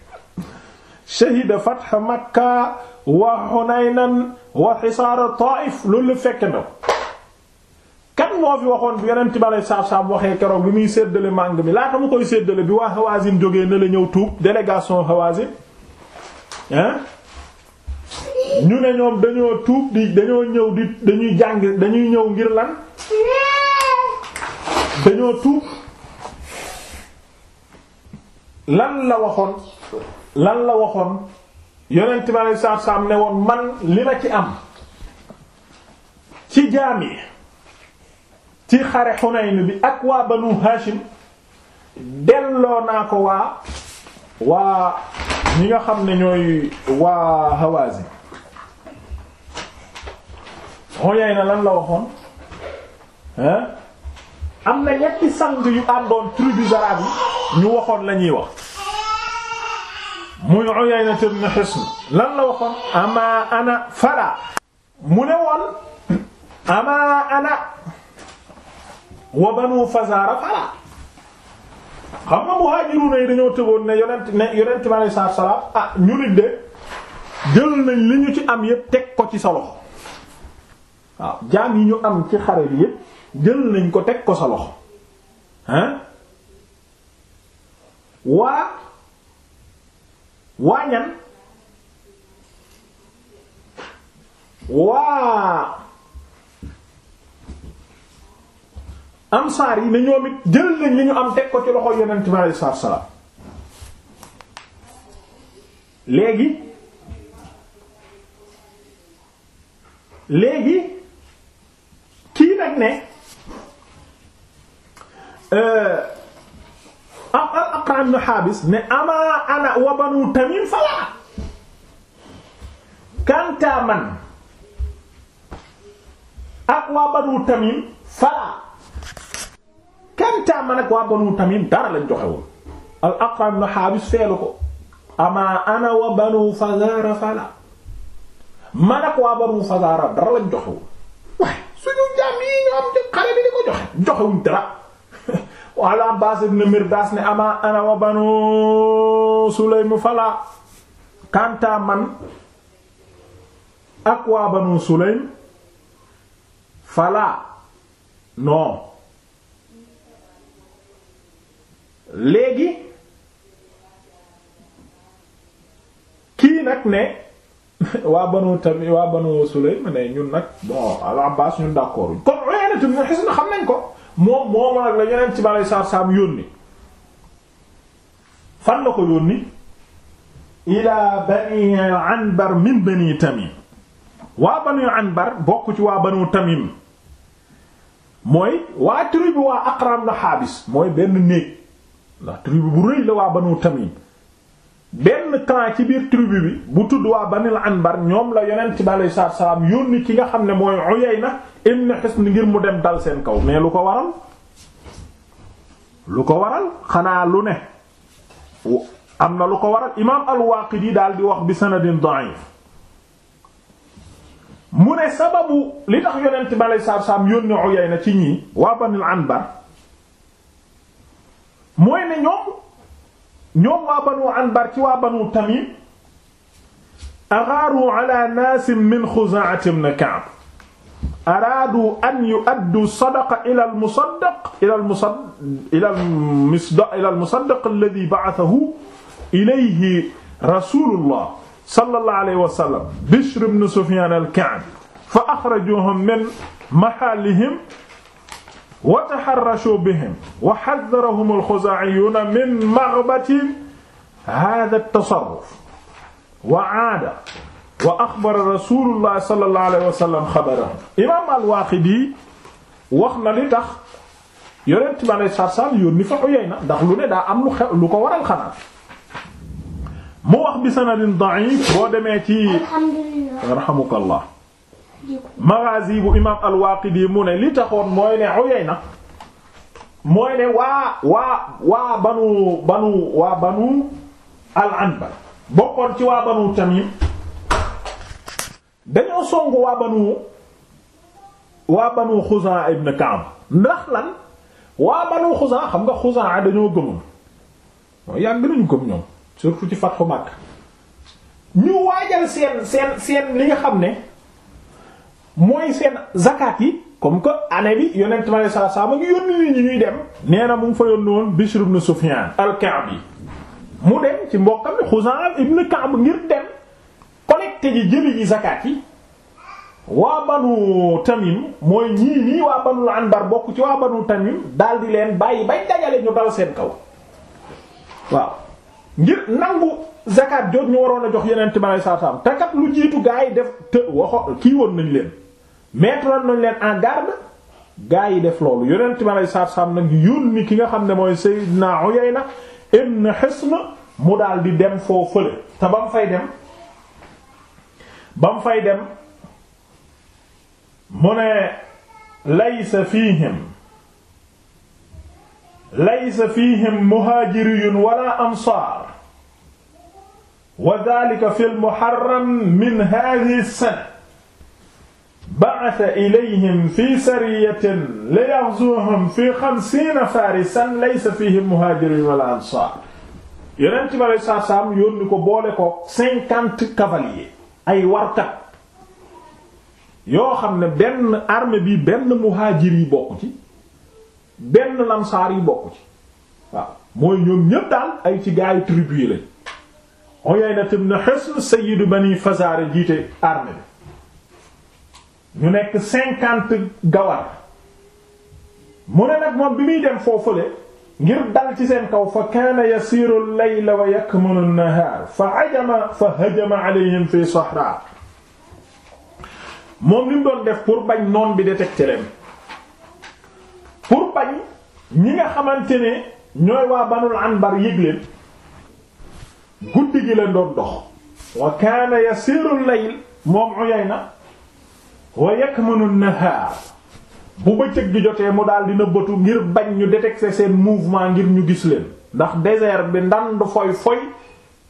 shahida fathu Makka wa Hunaynan wa hisaar Taif loolu la fekk ndaw kan moo fi waxoon bi yeneen tibale saab-saab waxee keroog bi muy séddale màng mi laata mu koy séddale bi waa Hawazin jógee na la ñëw tuub délégation Hawazin hein ñu ne ñoom dañoo tuub dañoo ñëw di dañuy jàng dañuy ñëw ngir lan dañoo tuub lan la waxoon lan la waxoon yonent bi alayhi salaatu salaam ne woon man li ma ci am ci jaam ci xare Xunayn bi ak waa Banu Hashim delloo naa ko waa waa ñi nga xam ne ñooy waa Hawazin Uyayna lan la waxoon hein am na ñetti sang yu àndoon tribus arabes yi ñu waxoon la ñuy wax muy Uyayna ibn Hisn lan la waxoon ama ana fara mu ne woon ama ana wa banu Fazara xam nga muhaajiruuna yi dañoo tëboon ne yonent ne yonent bi alayhi salaatu salaam ah ñu nit de jël nañ li ñu ci am yépp teg ko ci sa loxo waaw jaam yi ñu am ci xare bi yépp jël nañ ko teg ko sa loxo hein waa waa ñan waa ansaar yi ne ñoom jël nañ li ñu am teg ko ci loxo yonent bi alayhi salaatu salaam léegi léegi kii nag ne am euh, al Aqra' ibn Haabis ne ama ana wa banu Tamim fala kanta man ak waa banu Tamim fala kanta man ak waa banu Tamim dara lañ joxe woon al Aqra' ibn Haabis feelu ko ama ana wa banu Fazaara fala man ak waa banu Fazaara dara lañ joxe woon waaye suñu jaam yi ñu am xare bi di ko joxe joxewuñ dara al Abbaas ibn Mirdaas ne ama ana wa banu Sulaym fala kanta man ak waa banu Sulaym fala non léegi kii nag ne waa banu tamit waa banu Sulaym ne ñun nag bon al Abbaas ñun d'accord kon Uyayna ibn Hisn xam nañ ko moom moomu nag la yeneen ci balay saar saam yónni fan la ko yónni ila bani anbar min bani tamim waa banu anbar bokk ci waa banu tamim mooy waa tribu waa aqram la xaabis mooy benn néeg ndax bu rëy la waa banu tamim benn clan ci biir tribu bi bu tudd waa Banil Anbar ñoom la yonent bi alayhi salaatu salaam yónni ki nga xam ne mooy Uyayna ibn Hisn ngir mu dem dal seen kaw mais lu ko waral lu ko waral xanaa lu ne am na lu ko waral imaam al-Waaqidi daal di wax bi sanadin da'if mu ne sababu li tax yonent bi alayhi salaatu salaam yónni Uyayna ci ñii waa Banil Anbar mooy ne ñoom ñoom waa banu anbar ci waa banu tamim agaaru ala naasin min xuzaa'ati ibn ka'b araadu an yu'addu sadaqa ila al-musaddaq ila al-musaddaq ila al-musaddaq alladhi ba'athahu ilayhi rasulullah sallallahu alayhi wa sallam bishr ibn sufyan al-ka'bi fa akhrajuhum min mahaalihim wa taharrashu bihim wa haddarahum al-Xuzaa'iyyuuna min maghbati haadha at-tasarruf wa aada wa axbara rasuulullaah sallallaahu alayhi wa sallam xabarahum imaam al-Waaqidi wax na li tax yonent bi alayhi salaatu wa salaam yónni fa Uyayna ndax lu ne daa am lu xew lu ko waral xanaa mu wax bi sanadin da'if boo demee ci yarhamukallah Maghazi bu imaam mu ne li taxoon mooy ne Uyayna mooy ne waa waa waa banu banu waa banu al bokkoon ci waa banu Tamim dañoo song waa banu waa banu Xuzaa ibn Ka'b ndax lan waa banu Xuzaa xam nga Xuzaa dañoo gëmoon mooy yàgg nañu gëm ñoom surtout ci Fathu Makka ñu waajal seen seen seen li nga xam ne mooy seen zakat yi comme que année bi yonent ma lay saa saa ma ngi yónni ñi ñuy dem nee na mu ngi fa yónni woon Bishr ibn Sufyan al-Ka'bi mu dem ci mbokkam Xuzaa ibn Ka'b ngir dem collecté ji jëli ji zakat yi waa banu Tamim mooy ñii nii waa banu Anbar bokk ci waa banu Tamim daldi leen bàyyi bañ dajale ñu dal seen kaw waaw ngir nangu zakat jot ñu waroon a jox yonent ma lay saa saa te kat lu jiitu gaa yi def te waxo kii woon nañ leen. mettre nañ leen en garde gaa yi def loolu yonent ma lay saab-saab nag yónni ki nga xam ne mooy Sayyidna Uyayna ibn Hisn mu daal di dem foo fële te ba mu fay dem ba mu fay dem mu ne laysa fihim laysa fihim muhaajiriyun wala ansaar wa dhaalika fil muharram min haadhihi as ba'atha ilayhim fi sariyatin liyaghzuhum fi xamsiina faarisan laysa fihim muhaajirun wala ansaar yonent bi alayhi salaatu salaam yónni ko boole ko cinquante cavaliers ay warkat yoo xam ne benn armée bi benn muhaajir yi bokk ci benn lamsaar yi bokk ci waaw mooy ñoom ñépp daal ay ci gaayu tribu yi lañ Uyayna ibn bani Fazaara jiite armée bi ñu nekk cinquante gawar mu ne nag moom bi muy dem foofule ngir dal ci seen kaw fa kaana yasiiru al-layla wa yakmulu an fi sahra moom li mu doon def pour bañ noon bi détecté leen pour ñi nga xamante ne ñooy waa banul anbar yëg leen guddi gi leen doon dox wa kaana yasiiru al-layl moom Uyayna wa yakmanu nahaar bu bëccëg bi jotee mu daal di bëtu ngir bañ ñu détecter seen mouvement ngir ñu gis leen ndax désert bi ndand foy foy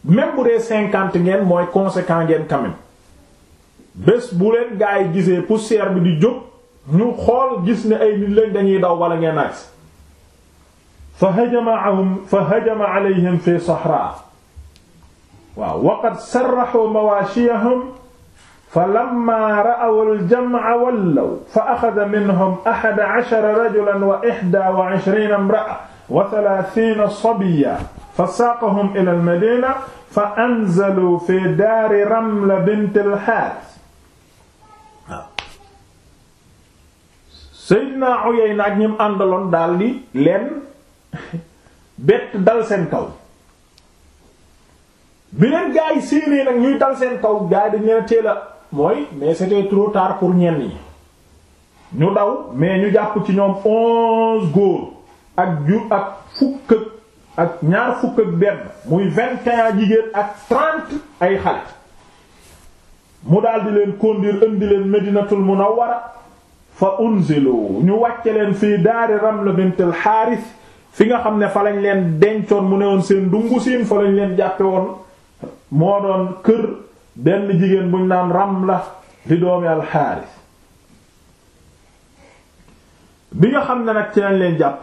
même bu dee cinquante ngeen mooy conséquent ngeen quand bés bu leen gaa yi gisee poussière bi di jóg ñu xool gis ni ay nit lañ dañuy daw wala ngeen agsi fa hajamaahum fa hajama alayhim fi sahra waaw waqad sarrahu mawashiyahum fa lamma ra'aw al-jam'a wallaw fa axada minhum ahada ashara rajulan wa ihdaa wa ishriina imra'a wa thalaathina sabiyya fa saaqahum ila al-madiina fa anzaluu fi daari Ramla bint al-Haaris. Seydina Uyayna ak ñi mu àndaloon daal di leen bett dal seen kaw. bi leen gaa yi séenee nag ñuy dal seen kaw gaa yi dañu leen a teel a. mooy mais c'était trop tard pour ñenn ñi ñu daw mais ñu jàpp ci ñoom onze góor ak ju ak fukk ak ñaar fukk ak benn muy vingt et jigéen ak trente ay xale mu daal di leen conduire indi leen Medinatul Munawwara fa unzilu ñu wàcce leen fii daari Ramla bint al Harith fi nga xam ne fa lañ leen dencoon mu ne woon seen dungu siin fa lañ leen jàppe woon moo doon kër benn jigéen buñ naan Ramla di doomi alxaaris bi nga xam ne nag ci lañ leen jàpp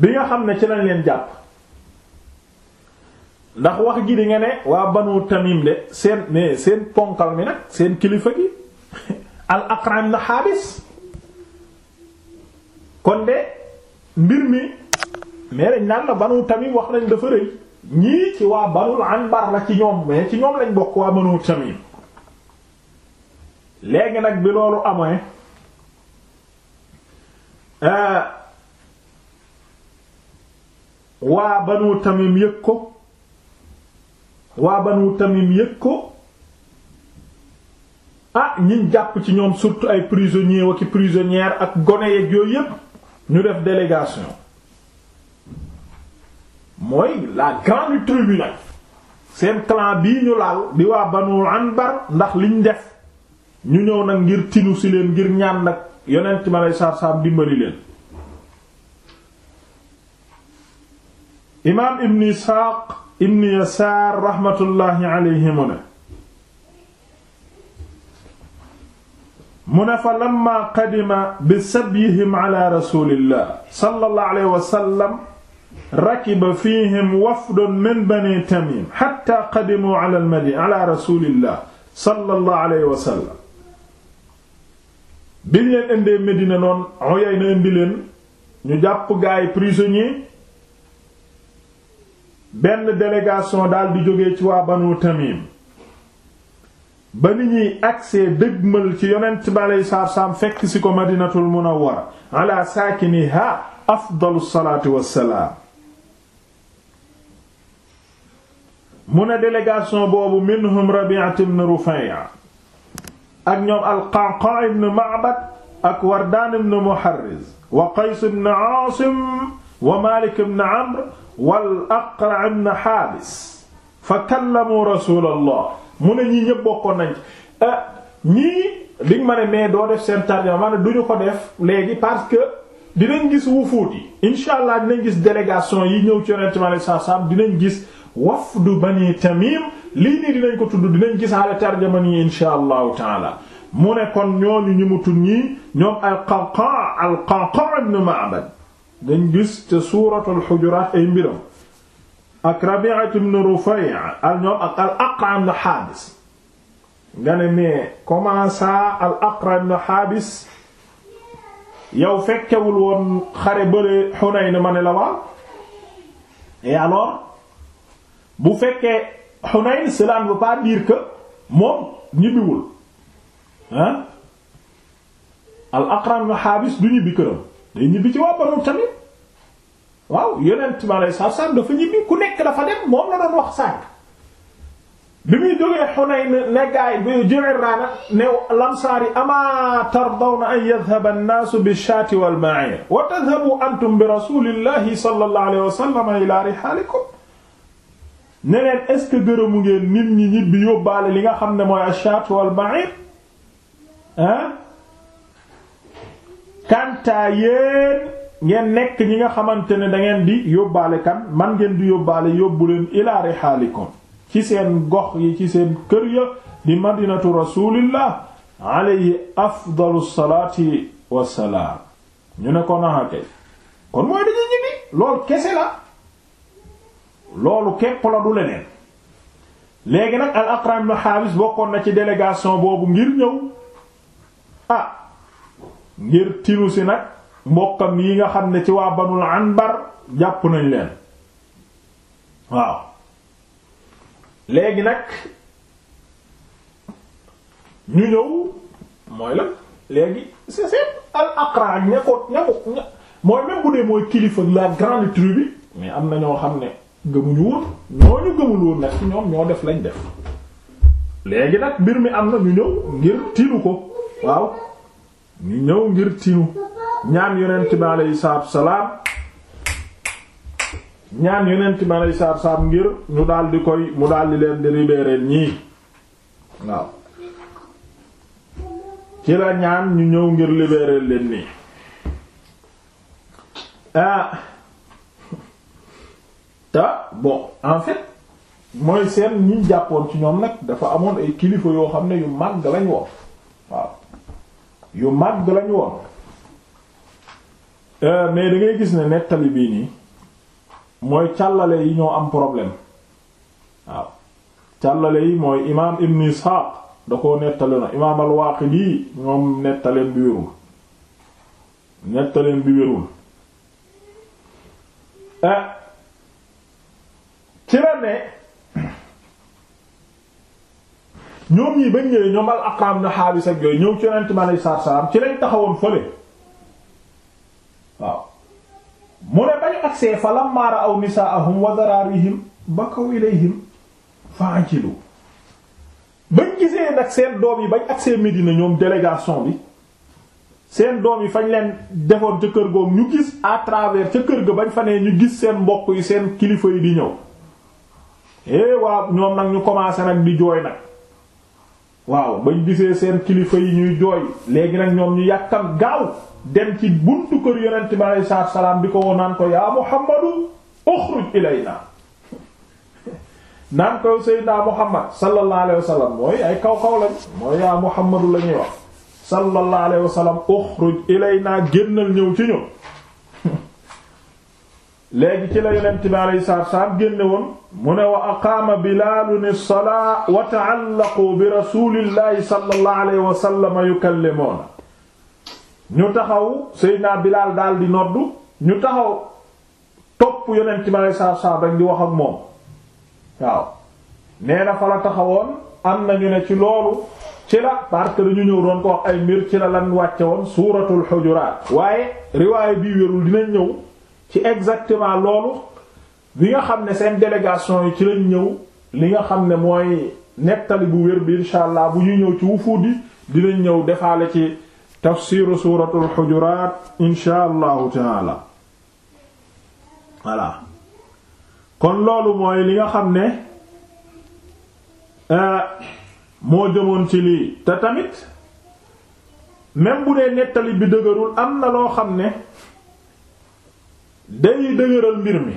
bi nga xam ne ci lañ leen jàpp ndax wax ji di nga ne waa banu tamim de seen mais seen ponkal mi nag seen kilifa gi al aqram na xaabis kon de mbir mi mais dañ naan la banu tamim wax nañ dafa rëy ñii ci waa banul anbar la ci ñoom mais ci ñoom lañ bokk waa banu tamim léegi nag bi loolu amee euh, waa banu tamim yëg ko waa banu tamim yëg ko ah ñiñ jàpp ci ñoom surtout ay prisonniers wa ki prisonnières ak gone yeeg yooyu yëpp ñu def délégation mooy la grande tribu nag seen clan bii ñu laal di waa Banu Anbar ndax liñ def ñu ñëw nag ngir tinu si leen ngir ñaan nag yonent ma lay saar-saam dimbali leen imaam ibn Isxaaq ibn Yasaar raxmatullaahi mu ne mu ne fa lamma qadima bi sabyihim ala rasuulillah sallallahu alayhi wa sallam rakiba fihim wafdun min bani tamim hatta qadimu ala al-madina ala rasulillah leen indee Medina noonu Uyayna na indi leen ñu jàpp gaay prisonnier benn délégation daal di jóge ci waa banu tamim ba ni ñuy agsee dëgmal ci yonent bi aleyhi salaatu salaam fekk si ko madinatul munawwara ala saakiniha afdalu salaatu wassalaam mu ne délégation boobu minhum Rabi'at ibn Rufay'a ak ñoom al-Qa'qa' ibn Ma'bad ak Wardaan Muharriz wa Qays Aasim wa Maalik ibn Amr wal Aqra' ibn Haabis fa kallamu Rasuulallah mu ne ñi ñëpp bokkoon nañ ci ah, ñii liñ ma ne mais doo def seen tarjuma ma ne du ñu ko def léegi parce que dinañ gis wufuut yi incha allah dinañ gis délégation yi ñëw ci Yonent mi sallallahu dinañ gis. wafdu bani tamim lii nii dinañ ko tudd dinañ gisaale tarjama nii insha allahu taala mu ne kon ñooñu ñu mu tudd ñii ñoom al-Qanqa al-Qanqa ibn Ma'bad dañ gis te suuratul Hujuraat ay ak Rabi'a ibn Rufay' al-Aqra' al-Aqra' ibn Haabis yow fekkewul woon xare bële Hunayn ma ne bu fekkee Hunayn cela ne veut pas dire que moom ñibbiwul ah al Aqram ibn Habis du ñibbi këram day ñibbi ci waa Banu Tamim waaw yonent ma lay sax sax dafa ñibbi ku nekk dafa dem moom la doon wax sànq bi muy jógee Hunayn ne gaay bi Ju'rana ne lamsaari ama tardawna an yadhhaba an-naasu bi-shaati wal-ba'iir wa tadhhabu antum bi rasuulillahi sallallahu alayhi wa sallam ila rihaalikum ne leen ce que gërëmu ngeen nit ñi ñibbi yóbbaale li nga xam ne mooy ashaat wal ba'ir ah kantaa yéen ngeen nekk ñi nga xamante ne da ngeen di yóbbaale kan man ngeen di yóbbaale yóbbu leen ila rihaalikum ci seen gox yi ci seen kër ya di madinatu rasulillah alayhi afdalu salaati wassalaam ñu ne ko naxa kon mooy dañuy ñibbi lool kese la loolu képp la du leneen léegi nag al Aqra' ibn Haabis bokkoon na ci délégation boobu ngir ñëw ah ngir tinu si nag mbokkam yi nga xam ne ci waa Banul Anbar jàpp nañ leen waaw léegi nag ñu ñëw mooy la léegi c'est c'est al Aqra' ña ko ña ko mooy même bu mooy kilifa la grande tribu mais am na ñoo xam ne gëmuñu woon ñooñu gëmul woon nag ci ñoom ñoo def lañ def léegi nag mbir mi am na ñu ñëw ngir tiinu ko waaw ñu ñëw ngir tiinu ñaan yonent bi alayhi salaam ñaan yonent bi alayhi salaatu salaam ngir ñu daal koy mu daal leen di libérer ñii waaw ci la ñaan ñu ñëw ngir libérer leen nii te bo en fait mooy seen ñi jàppoon ci ñoom nag dafa amoon ay kilifa yoo xam ne yu màgg lañ woon waaw yu màgg lañ woon euh, mais da gis ne nettali bii nii mooy càllale yi ñoo am problème waaw càllale yi mooy imaam Ibn Ishaq da ko nettali na imaam al-Waaqidi ñoom nettaleen bi wérul nettaleen bi wérul euh, ci la ne ñoom ñii bañ ñëwee ñoom al Aqram na Haabis ak yooyu ñëw ci Yonent mi alayhi salaatu ci lañ taxawoon fële waaw mu ne bañu agsee fa lammaa ra'aw ba wa daraarihim bakaw ilayhim fa'jilu bañ gisee nag seen doom yi bañ agsee Médina ñoom délégation bi seen doom yi fañ leen defoon ca kër goom ñu gis à travers ca kër ga bañ fa ne ñu gis seen mbokk yi seen kilifa yi di ñëw eh waaw ñoom nag ñu commencé nag di jooy nag waaw bañ gisee seen kilifa yi ñuy jooy léegi nag ñoom ñu yàkkal gaaw dem ci buntu kër yonent bi aleyhi salaam bi ko woo naan ko yaa Muhammadu uxruj ilayna naan ko Seydina Muhammad sallallahu alayhi wa mooy ay kaw kaw lañ mooy yaa Muhammadu la wax sallallahu alayhi wa sallam uxruj ilayna génnal ñëw ci ñun. léegi ci la yonent bi alayhi salaatu salaam génne woon mu ne wa aqaama bilaalun as-salaa wa ta'allaqu bi rasuulillahi sallallahu alayhi wa sallam yukallimuuna ñu taxaw Seydina Bilaal daal di noddu ñu taxaw topp yonent bi alayhi salaatu salaam rek di wax ak moom waaw nee na fa la taxawoon am na ñu ne ci loolu ci la parce que ñu ñëw doon ko ay mbir ci la lan wàcce woon suuratul xujuraat waaye riwaay bii wérul dinañ ñëw. ci exactement loolu bi nga xam ne seen délégation yi ci lañ ñëw li nga xam ne mooy nettali bu wér bi insha allah bu ñu ñëw ci wufuudi dina ñëw defaale ci tafsiru suratul xujuraat insha allahu taala voilà kon loolu mooy li nga xam ne euh, moo jëmoon ci lii te tamit même bu dee nettali bi dëgërul am na loo xam ne day dëgëral mbir mi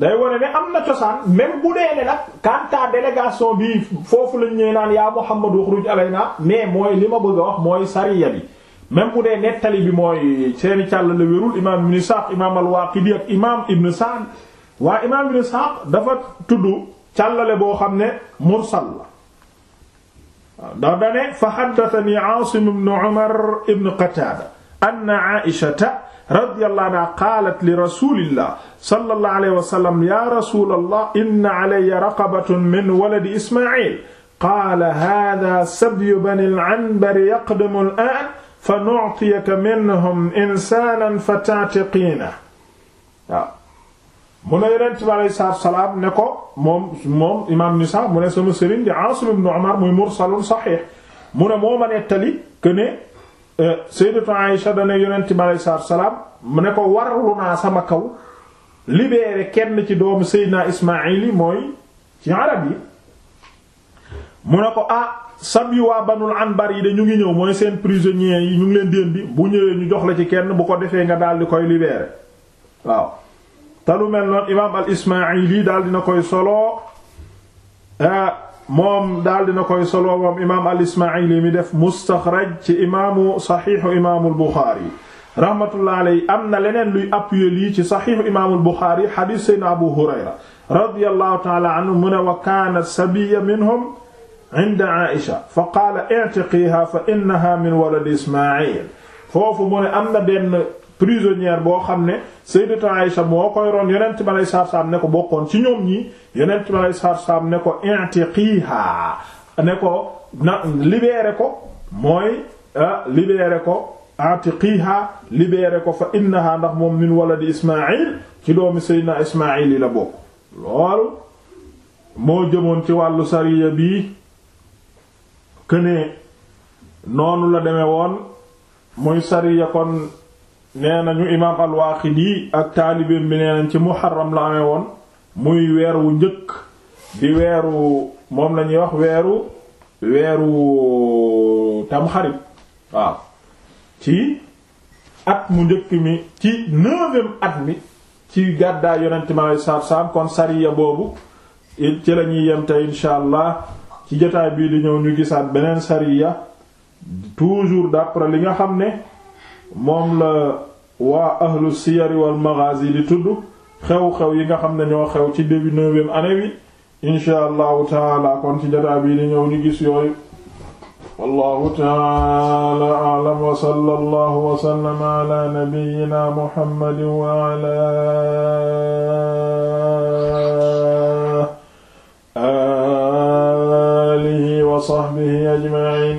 day wone ne am na cosaan même bu dee ne nag kanta délégation bi foofu lañ ñëw naan yaa Muhammad uxruj alayna mais mooy li ma bëgg a wax mooy sariya bi même bu dee nettali bi mooy seeni càll la wérul imaam ibn Sa'd imaam al imaam ibn Sa'd waa imaam ibn dafa tudd càllale boo xam ne mursal la ndax dane fa haddathani Aasim ibn Umar ibn Qataada anna Aa'ishata radiyallahu anha qaalat li rasulillah sallallahu alayhi wa sallam ya rasulallah inna alayya raqabatun min waladi isma'il qaala haadha sabyu bani al-anbar yaqdamu al-aan fa nu'tiyaka minhum insaanan fa ta'tiqiinahu waaw mu ne yonent bi alayhi salaatu salaam ne ko moom moom imaam Nisaa mu ne sama sëriñ di Aasim ibn Umar muy mursalun saxiix mu ne moo ma nettali que ne Euh, sayyidatu Aïsha dana yonent bi aleyhi salaatu wa salaam mu ne ko warlu naa sama kaw libéré kenn ci doomu Seydina Ismaïl yi mooy ci arab yi mu ne ko ah sab yi waa banul anbar yi de ñu ngi ñëw mooy seen prisonniers yi ñu ngi leen déen bi bu ñëwee ñu jox la ci kenn bu ko defee nga daal di koy libéré waaw te lu noonu imaam al Ismaïli yi daal dina koy solo euh, moom daal dina koy solo moom imaam al ismaili mi def mustaxraj ci imaamu saxiixu imaamul buxaari rahmatullah aley am na leneen luy appuyer lii ci saxiixu imaamul buxaari xadiis saydna abu hurayra radiyallahu taala anhu mu ne wa kaana sabiya minhum inda aisha fa qaala i'tiqiha fa innaha min waladi ismail foofu mu ne am na benn prisonnière boo xam ne sayyidatu Aïsha moo koy roon yonent bi alayhi salaatu salaam ne ko bokkoon ci ñoom ñi yonent bi alayhi salaatu salaam ne ko i'tiqiha ne ko na ko mooy ah, libéré ko atiqiha libéré ko fa innaha ndax moom min waladi Ismaïl ci doomi Seydina Ismaïl yi la bokk loolu moo jëmoon ci wàllu sariya bii kënee noonu la demee woon muy sariya kon nee nañu imaam al-Waaqidi ak taalibeen bi nee ci muharram la amee woon muy weer wu njëkk di weeru moom lañuy wax weeru weeru tamxarit waaw ci at mu njëkk mi ci neuvième at mi ci gàddaay yonent mi alayhi salaatu salaam kon sariya boobu ci la ñuy yem insha allah ci jotaay bii di ñëw ñu gisaat beneen sariya toujours d'après li nga xam ne moom la waa ahlu siyar wal maghazi di tudd xew-xew yi nga xam ne ñoo xew ci début neuvième année bi insha allahu taala kon ci jotaa bii di ñëw ñu gis yooyu wallahu taala a'lam wa sallallahu wa sallama ala nabiyyina muhammadin wa ala alihi wa sahbihi ajma'in